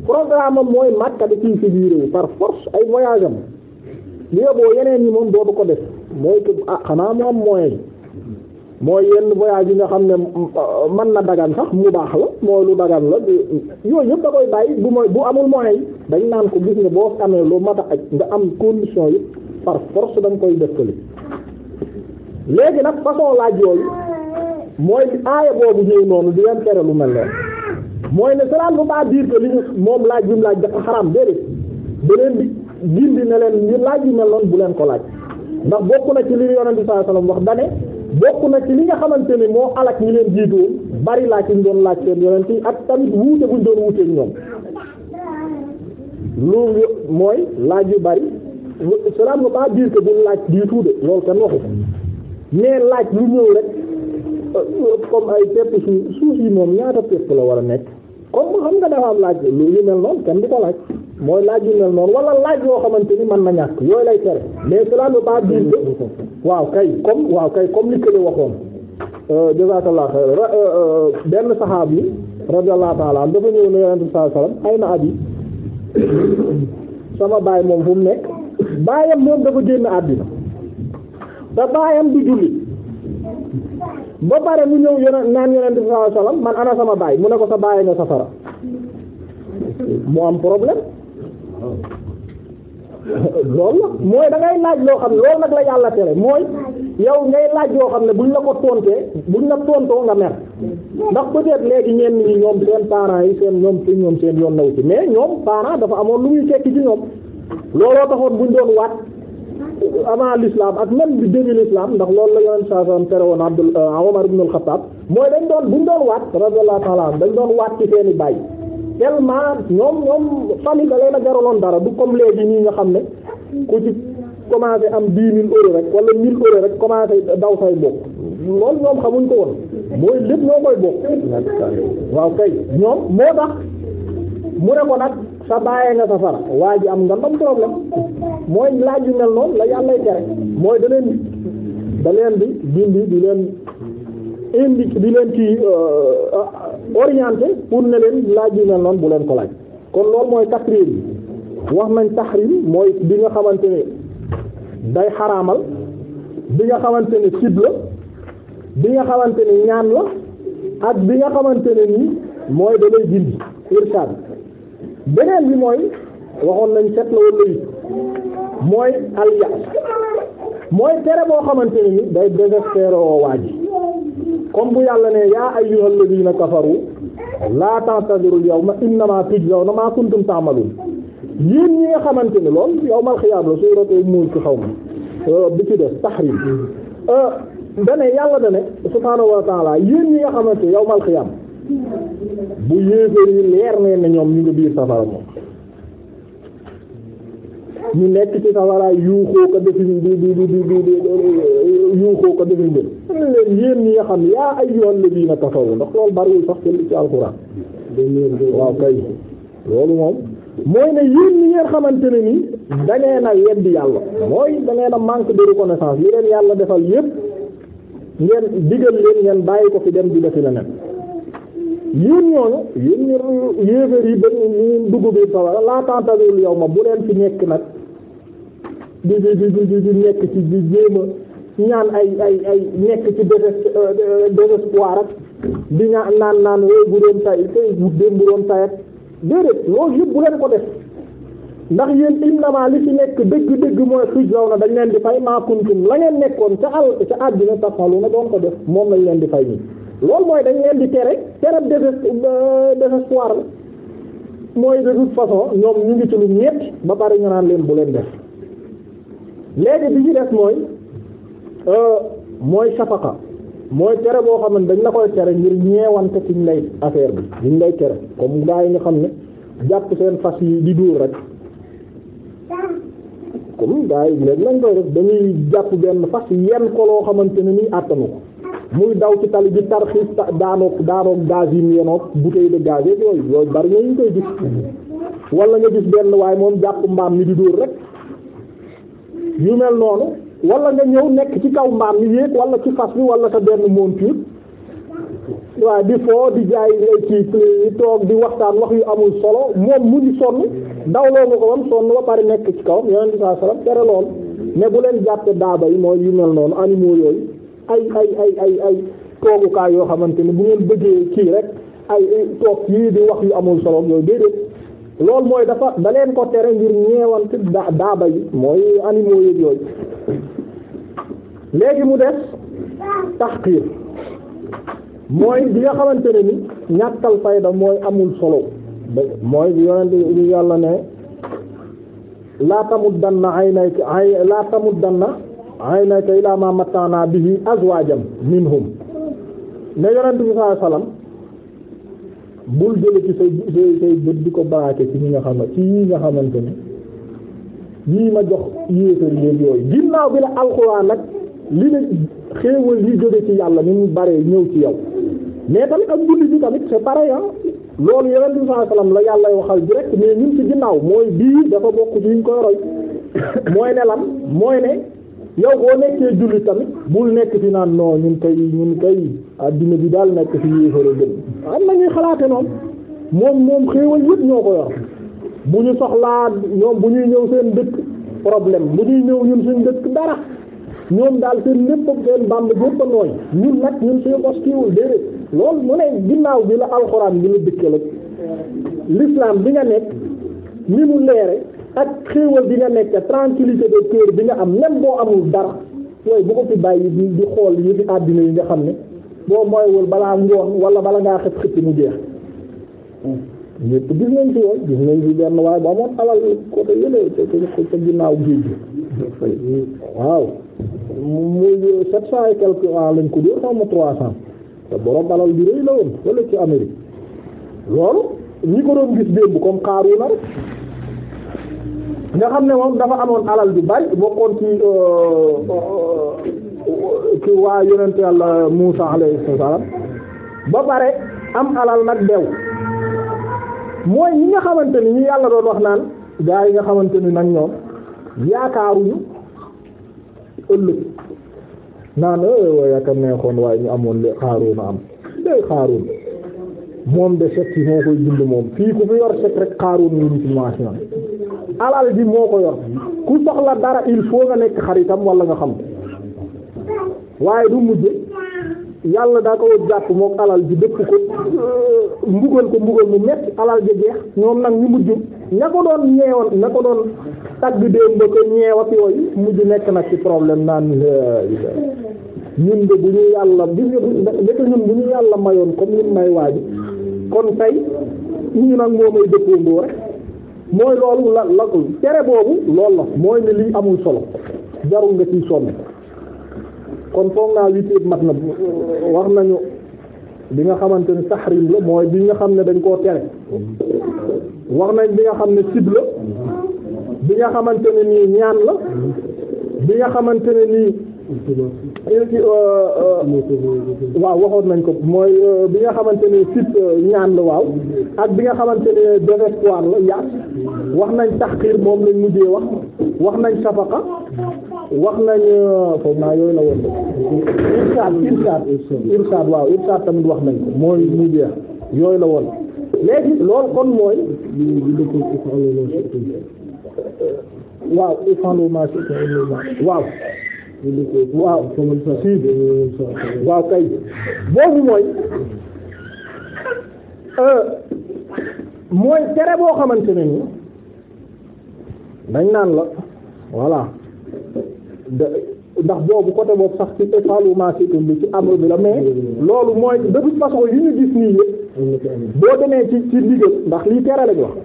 programme am mooy màkka da ciy figuré par force ay voyage am li yoboo yeneen ñi moom dootu ko def mooy que ah xanaa mu am moyen mooy yenn voyage yi nga xam ne euh, man na dagan sax mu daax la mooy lu dagan la yooyu yëpp da koy bàyyi bu mooy bu amul moyen dañ naan ko gis ne boo amee lu mat a aj nga am condition yi par force da nga koy dëkkali léegi nag façon laaj yooyu mooy aaya boobu ñëw noonu di leen tere lu mel noonu mooy ne cela ne veut pas dire que li ñu moom laaj bi mu laaj dafa xaram déedéet da leen di gindi ne leen ñu laaj yu mel noonu bu leen ko laaj ndax bokk na ci li yonent bi sallallahu alayhi wasallam wax bokk na ci li nga xamante ne moo alak ñu leen jiitoon bari laaj ñu doon laaj seen yonent yi ak tamit wuute buñ doon wuuteeg ñoom loolu mooy laaj yu bari cela ne veut pas dire que buñ laaj du de loolu kenn waxu mais laaj lu ñëw rek comme ay pepp suuf suuf yi moom ñaata pepp la war a nekk comme xam nga dafa am laaj lu yu mel noonu kenn du ko laaj mooy laaj yu mel noonu wala laaj yoo xamante ni man na ñàkk yooyu lay tere mais cela ne veut pas waaw kay comme waaw kay comme li kële waxoon euh, jazakallah xayra euh, euh, benn saxaab yi radiyallahu ta'ala dafa ñëw ne yonent bi sallallahu ay na abi <coughs> sama baay moom fu mu nekk baayam moom dafa génn àddina te baayam du julli ba pare mu ñëw yonent naan yonent bi sallallahu alayhi man ana sama baay mu ne ko sa baay nga safara mu am problème loolu la mooy da ngay laaj loo xam ne loolu nag la yàlla tere mooy yow ngay laaj yoo xam ne buñ la ko tontee buñ la tontoo nga mer ndax peut-être léegi ñenn ñi ñoom seen parents yi seen ñoom ci ñoom seen yoon naw ci mais ñoom parents dafa amoon lu muy tekki ci ñoom looloo taxoon buñ doon waat avant l'islam ak même bi début l'islam ndax loolu la yoneen saa san tere woon Abdul Umar euh, ibn al-Khattab mooy dañ doon buñ doon waat radiyallahu ta'ala dañ doon waat ci seeni bàyyi tellement ñoom ñoom famille da leen a jaraloon dara du comme léegi nii nga xam ne ku ci commencé am di mille euros rek wala mille euros rek commencé daw say bopp loolu ñoom xamuñ ko woon mooy lépp ñoo koy bokk waaw kay ñoom moo tax mu ne ko sa bàyyee nga safara waa ji am nga ndam problème mooy laaj yu mel noonu la yàllay tere mooy da leen da leen di dindi di leen indi di leen kii euh, orienté pour ne leen laaj yi mel noonu bu leen ko laaj kon loolu mooy takrir bi wax nañ tax tahrim mooy bi nga xamante ne day xaraamal bi nga xamante ne cib la bi nga xamante ne ñaan la ak bi nga xamante ne nii mooy da lay gindi beneen bi mooy waxoon nañ set la mooy al mooy tere boo xamante ne ni day désespérer waa ji comme bu yàlla ne yaa ayyuhal ladina kafaru laa ta'tazirul yawma innama tujzawna ma kuntum ta'malun yéen ñi nga xamante ni lool yawmal xiyaam la suuratu mulk xaw ma euh, bi ci des tahrim euh, dane yàlla dane subhaanahu wa ta'ala yéen ñi nga xamante yawmal xiyaam bu yéeféer yi leer ne na ñoom ñu ngi biir safara moom ñu nekk ci safara yuuxoo ko defuñu di di di yuuxoo ko defuñu di leen yéen ñi nga xam yaa ayyuhal ladina kafaru ndax loolu bariwul sax ci ci alxuraan loolu moom mooy ne yéen ñi ngeen xamante ne ni da ngeen a weddi yàlla mooy da a manque de reconnaissance li leen yàlla defal yépp ngeen digal leen ngeen bàyyi ko fi dem di defi leneen yéen ñooñu yéen ñu yi ba ñu dugg biir sawara laa tàntalu yow ma bu leen fi nekk nag di di di di nekk ci di jéem a ñaan ay ay ay nekk ci euh, euh, désespoir ak di ñaan naan naan wooy bu doon tay tay bu dém bu doon tayat déedéet loolu yëpp bu leen ko def ndax yéen innama li ci nekk dëgg-dëgg mooy xijlaw na dañ leen di fay ma kuntum la ngeen nekkoon ca al ca àddina tafalu na doon ko def moom lañ leen di fay ñi loolu mooy dañ leen di tere tere euh, désespoir la mooy de toute façon ñoom ñu ngi ci lu ñett ba pare ñu naan leen bu leen def léegi bi ci des mooy euh, mooy safaka mooy tere boo xam ne dañ la koy tere ngir ñeewante ci ñu lay affaire bi ñu lay tere comme gaa yi nga xam ne jàpp seen fas yi di dóor rek comme gaa yi léegi lañ koy def dañuy jàpp benn fas yenn ko xamante ne nii àttanu ko muy daw ci tali bi tarxiis daanook daanook gaz yi mu yenook bouteille de gaz yooyu yooyu bari ñu koy gis wala nga gis benn waaye moom jàpp mbaam mi di dóor rek yu mel noonu wala nga ñëw nekk ci kaw mbaam mi yéeg wala ci fas bi wala sa benn monture waaw di foo di jaay ngay kii yi toog di waxtaan wax yu amul solo moom mu ngi sonn dawloo nga ko wam sonn ba pare nekk ci kaw yonent bi sallam tere lool ne bu leen jàppe daaba yi mooy yu mel noonu animaux yooyu ay ay ay ay ay toogukaay yoo xamante ni bu ngeen bëggee kii rek ay toog yii di wax yu amul solo yooyu déedéet loolu mooy dafa da leen ko tere ngir ñeewante da daaba yi mooy animaux yooyu léegi mu des taxqiir mooy bi nga xamante ne ni ñàkkal fayda mooy amul solo mooy bi yonente bi yàlla ne laa tamuddanna aynayka laa tamuddanna aynayka ilaa ma matta'na bihi azwaajan minhum ne yonente bi sallallahu alayhi bul jële ci say say say bët di ko baraake ci ñi nga xam ci ñi nga xamante ni ñii ma jox yéefar yéeg yooyu ginnaaw bi la alxuraan nag li la xéewal yi jóge ci yàlla ni mu baree ñëw ci yow mais tamit ak julli bi tamit c'est pareil ah loolu yeneen bi saa salaam la yàlla waxal direct mais ñun ci ginnaaw mooy bii dafa bokk ci ñu koy roy <coughs> mooy ne lan mooy ne yow boo nekkee julli tamit bul nekk fi naan non ñun kay ñun kay addina bi daal nekk fi yéefara gën am na ñuy xalaate noonu moom moom xéewal yëpp ñoo ko yor bu ñu soxlaa ñoom bu ñuy ñëw seen dëkk problème bu ñuy ñëw ñun suñ dëkk dara ñoom daal seen lépp seen bàmb yëpp a nooy ñun nag ñun suñu bos kiiwul déedéet mu ne ginnaaw bi la alxuraan bi la dëkkal ak l'islam bi nga nekk ni leere ak xéewal bi nga nekk tranquillité de cœur bi nga am même boo amul dara waaye bu ko fi bàyyi di xool yi fi àddina yi nga xam ne boo mooywul balaa ngoon wala bala ngaa xëpp xëppi mu jeex ñépp gis nañ ci yooyu gis nañ ci waaye bu amoon alal ginnaaw waaw muy sept cent et quelque ans lañ ko dóor xaw ma trois cent te borom alal bi rëy la woon wala ci Amérique loolu ñi ko doon gis démb comme xaaru na rek nga xam ne moom dafa amoon alal ju bari bokkoon ci euh, euh, ci waa yonent yàlla Muusa alayhi salaam ba pare am alal nag dew mooy ñi nga xamante ni ñu yàlla doon wax naan gaa yi nga xamante ni nag ñoom yaakaaruñu ëllëg naan eh, yaakaar neexoon waaye ñu amoon li xaaroon a am day xaaroon moom de set yi moo koy dund moom fii ku fi yor set rek xaaroon ñu ci mention alal bi moo ko yor ku soxla dara il faut nga nekk xaritam wala nga xam waaye du mujje yàlla daa ko jàpp moom alal bi dëpp ko mbugal ko mbugal mu metti alal ja jeex ñoom nag ñu mujj ña ko doon ñeewoon ña yooyu mujj nekk nag ci problème naan ñun de bu ñu yàlla bi ñu ñun bu ñu yàlla mayoon comme ñun may waaj kon tey ñu nag moo may dëppoo rek mooy loolu la la tere boobu loolu la mooy ne lii amul solo jarul nga ciy sonn kon foog naa huitième mat na wax nañu bi nga xamante ne tahrim la mooy bi nga xam ne dañ koo tere wax nañ bi nga xam ne sib la bi nga xamante ne nii ñaan la bi nga xamante ne nii Euh, euh, waaw waxoon nañ ko mooy euh, bi nga xamante ne site ñaan la waaw ak bi nga xamante ne désespoir wax nañ taxqiir moom lañ mujjee wax wax nañ safaqa wax nañ foog naa yooyu la woon irsaad irsaad irsaad irsaad tamit wax nañ ko mooy mujjee yooyu la woon léegi loolu kon mooy waaw waaw waaw si waaw kay boobu mooy mooy tere boo xamante ne ni dañ naan la voilà ndax boobu côté boobu sax ci épalement surtout bi ci amr la mais loolu mooy de toute façon yi ñu gis nii yëpp boo demee ci ci ndigal ndax lii tere lañ wax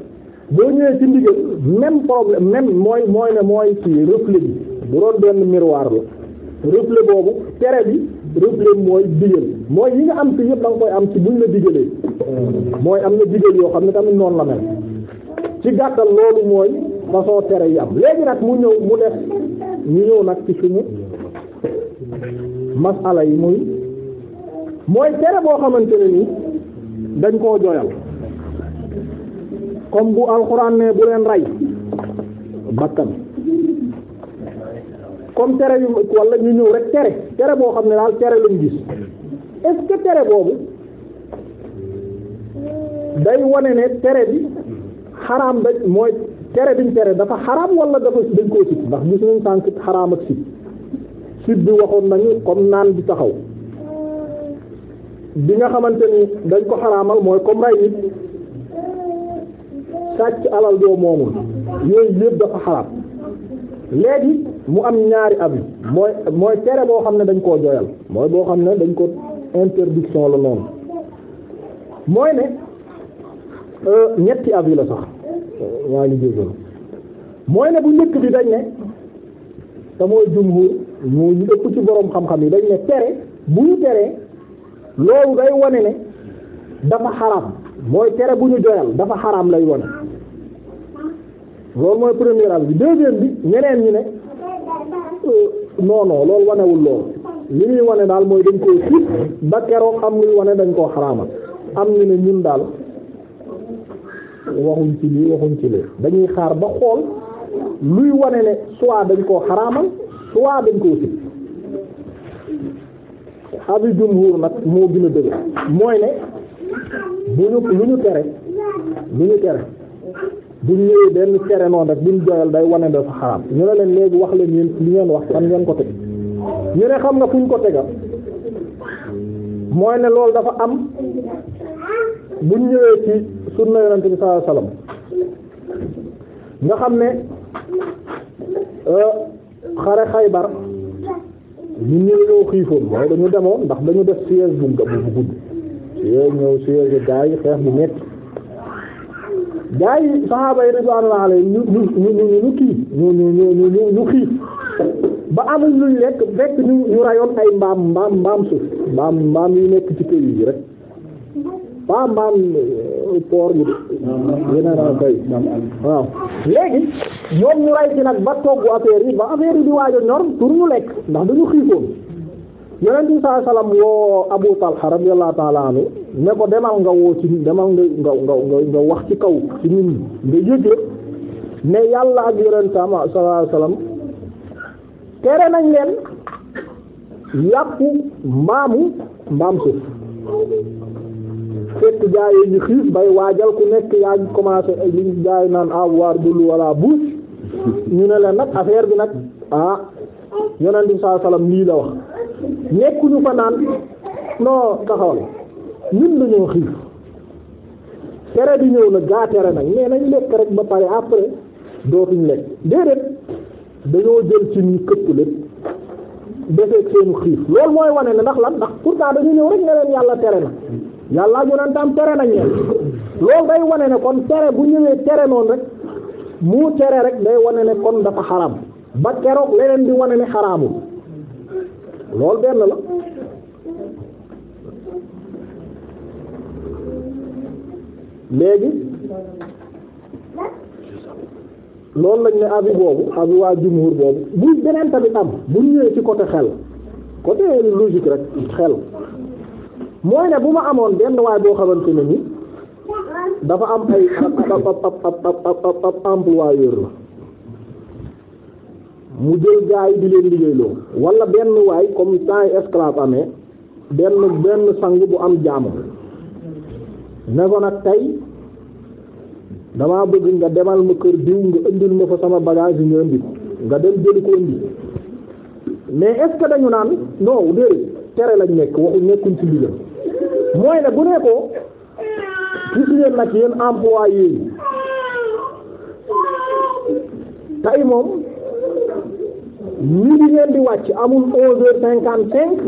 boo ñëwee ci ndigal même problème même mooy mooy ne mooy ci reflet bi bu doon benn miroir la reflet boobu tere bi reflet mooy digal mooy yi nga am ci yëpp da koy am ci buñ la digalee mooy am na digal yoo xam ne tamit noonu la mel ci gàttal loolu mooy façon tere yi am léegi nag mu ñëw mu def ñu ñëw nag ci suñu masala yi muy mooy tere boo xamante ne ni dañ koo joyal comme bu alxuraan ne bu leen rey bakkan comme tere yu wala ñu ñëw rek tere tere boo xam ne daal tere lañ gis est tere boobu day wone ne tere bi xaraam da mooy tere biñ tere dafa xaraam wala dafa dañ koo sit ndax gis nañ sànq xaraam ak sit sit bi waxoon nañu comme naan bi taxaw bi nga xamante ni dañ ko xaraamal mooy comme ray nit sàcc alal doo moomul yooyu yëpp dafa xaraam léegi mu am ñaari avis mooy mooy tere boo xam ne dañ koo joyal mooy boo xam ne dañ ko interdiction la noonu mooy ne euh, ñetti yi la sax waa mooy ne bu njëkk bi dañ ne te mooy jumhur moo ñu ëpp ci boroom xam-xam yi dañ ne tere bu ñu teree loolu day wane ne dafa xaram mooy tere bu ñu joyal dafa xaram lay wane loolu mooy premier avis deuxième bi ñeneen ñi ne Euh, non non loolu wanewul lool li muy wane daal mooy dañ koy siit ba keroog am luy wane dañ koo xaraamal am ñu ne ñun daal waxuñ ci lii waxuñ ci lii dañuy xaar ba xool luy wane ne soit dañ koo xaraamal soit dañ koo siit abi jumhur nag moo gën a dëgg mooy ne bu ñu lu ñu tere lu ñu tere bu ñëwee benn cere noonu rek buñ joyal day wane dafa xaraam ñu ne leen léegi wax leen yéen li ngeen wax fan ngeen ko teg ñu ne xam nga fuñ ko tega mooy ne loolu dafa am buñ ñëwee ci sunna yonent xam ne euh, xare Xaybar ñu ñëw ñëw xiifoon mooy dañu demoon ndax dañu def siège bu nga bu gudd siège ñëw siège xeex bu metti gaa yi saxaaba yi ridwaanullah alayhim ñu ñu ñu ñu kii ñu ñu ñu ñu ñu xiif ba amul luñ lekk fekk ñu ñu rayoon ay mbaam mbaam mbaam suuf mbaam mbaam yu nekk ci kër yi rek ba mbaam poor bi général kay waaw léegi ñoom ñu ray ci nag ba toggu affaire yi ba affaire yi di waajo ñor pour ñu lekk ndax dañu xiifoon yonent bi sallallahu alayhi wasallam woo Abu Talha radiyallahu ta'ala anhu ne ko demal nga woo ci demal nga nga nga nga wax ci kaw ci nit nga yëgle ne yàlla ak yonentam sallallahu alayhi wasallam tere nañ leen yàpp mbaamu mbaam suuf fekk gaa yi ñu xiif bay waajal ku nekk yaa ngi commencé li gaa yi naan avoir ah dul wala buus ñu ne leen nag affaire bi nag ah yonent bi sallallahu alayhi wasallam lii la wax nekkuñu fa naan non taxawal ñun dañoo xiif tere bi ñëw na gaa tere nag nee nañ lekk rek ba pare après dootuñ lekk déedéet dañoo jël ci ñu këpp lépp defee seenu xiif loolu mooy wane na ndax lan ndax pourtant dañu ñëw rek ne leen yàlla tere na yàlla yonentam tere nañ leen loolu day wane ne kon tere bu ñëwee tere noonu rek mu tere rek day wane ne kon dafa xaram ba keroog leneen di wane ne xaraamul loolu benn la léegi loolu lañ ne abi boobu abi waa jumhur boobu bu beneen tamit am bu ñëwee ci côté xel côté logique rek xel mooy ne bu ma amoon benn waay boo xamante ne ni dafa am ay ab ab ab employeur la mu jël gaa yi di leen liggéeyloo wala benn waay comme temps esclave amee benn benn sang bu am jaamam ne ko nag tey damaa bëgg nga demal ma kër diw nga indil ma fa sama bagage yi nga indi nga dem jëli ko indi mais est dañu naan non déedéet tere lañ nekk nekkuñ ci liggéey mooy ne bu nekkoo ko gis ngeen nag yéen employé yi tey moom ñi di ngeen di wàcc amul onze cinquante cinq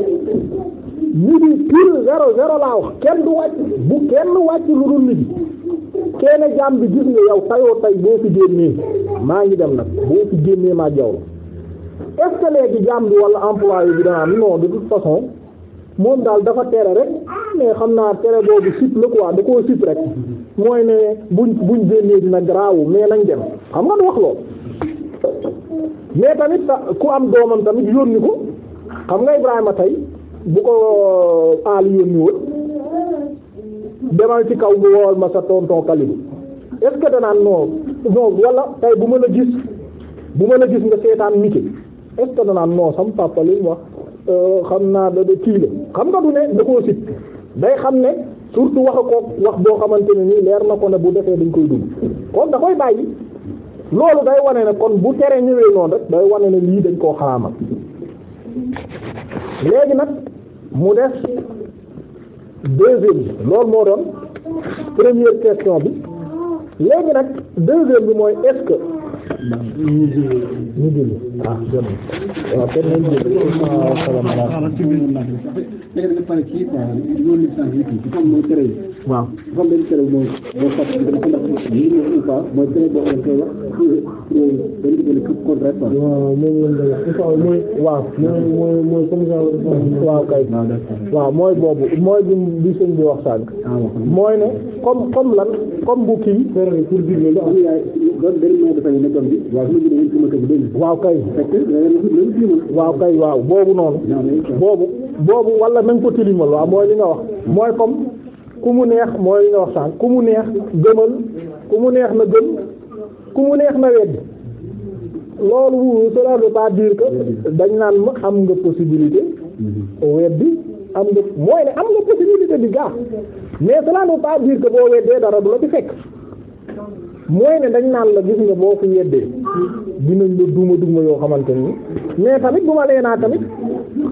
ñu di pile zéro zéro laa wax kenn du wàcc bu kenn wàcc lu dul nit kenn jaam bi gis nga yow tayoo tay boo fi génnee maa ngi dem nag boo fi génnee maa jaw la wala employé bi danaa non de moom daal dafa tere rek mais xam naa tere boobu sip la quoi da koo sip rek mooy ne buñ buñ génnee dina garaawu mais nañ dem xam nga wax lool mais tamit ku am doomam tamit yónni ko xam nga Ibrahima tey. bu ko aali yónni woon demal ci kaw bu wowal ma sa tonton Kalidou est-ce que danaan non non wala tay bu ma a gis bu ma a gis nga seetaan miti est-ce que danaan non sam papa li euh, xam naa da da kii la xam nga du ne da koo sit day xam ne surtout wax ko wax boo xamante ne leer na ko ne bu defee dañ koy dugg kon da koy bàyyi loolu day wane ne kon bu tere ñëwee noon rek day wane ne lii dañ koo xaraamal léegi nag mu des deuxième bi loolu moo doon première question bi léegi nag deuxième bi mooy est-ce que ñu julli ñu julli ah jërëjëf waaw da nga pare ci la ñu ci comme mooy tere yi. waaw comme benn tere mooy mooy fàttali ñu dem ndax lii mooy quoi mooy tere boo xam ne koy wax pour benn benn contrat quoi. waaw moom lañ lay wax waaw mooy waaw mooy mooy comme ça waaw kay. Ah, waaw mooy boobu mooy bi bi sëñ bi wax sànq. Ah, mooy ne comme comme lan comme bu ah, waaw kay. waaw kay waaw boobu noonu. boobu. boobu wala na nga ko tilimal waaw mooy li nga wax mooy comme ku mu neex mooy li nga wax sànq ku mu neex gëmal ku mu neex na gën ku mu neex na wedd loolu cela veut pas dire que dañ naan ma am nga possibilité bi am nga mooy ne am nga possibilité bi gaa mais cela ne veut pas dire que boo weddee dara du la ci fekk mooy ne dañ naan la gis nga boo ko weddee dinañ la duma duma yoo xamante ni mais tamit bu leenaa tamit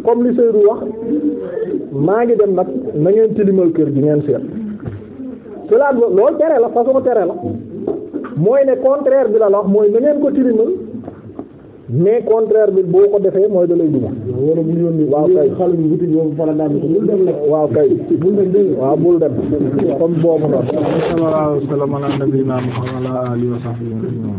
comme li Seydou wax maa ngi dem nag na ngeen tilimal kër gi ngeen seet cela loolu tere la façon tere la mooy ne contraire bi la la mooy na ngeen ko tilimal mais contraire bi boo ko defee mooy da lay duma. wala bu ñu waaw kay xale bu butik boobu fara daan bul dem waaw kay bul dem comme boobu noonu.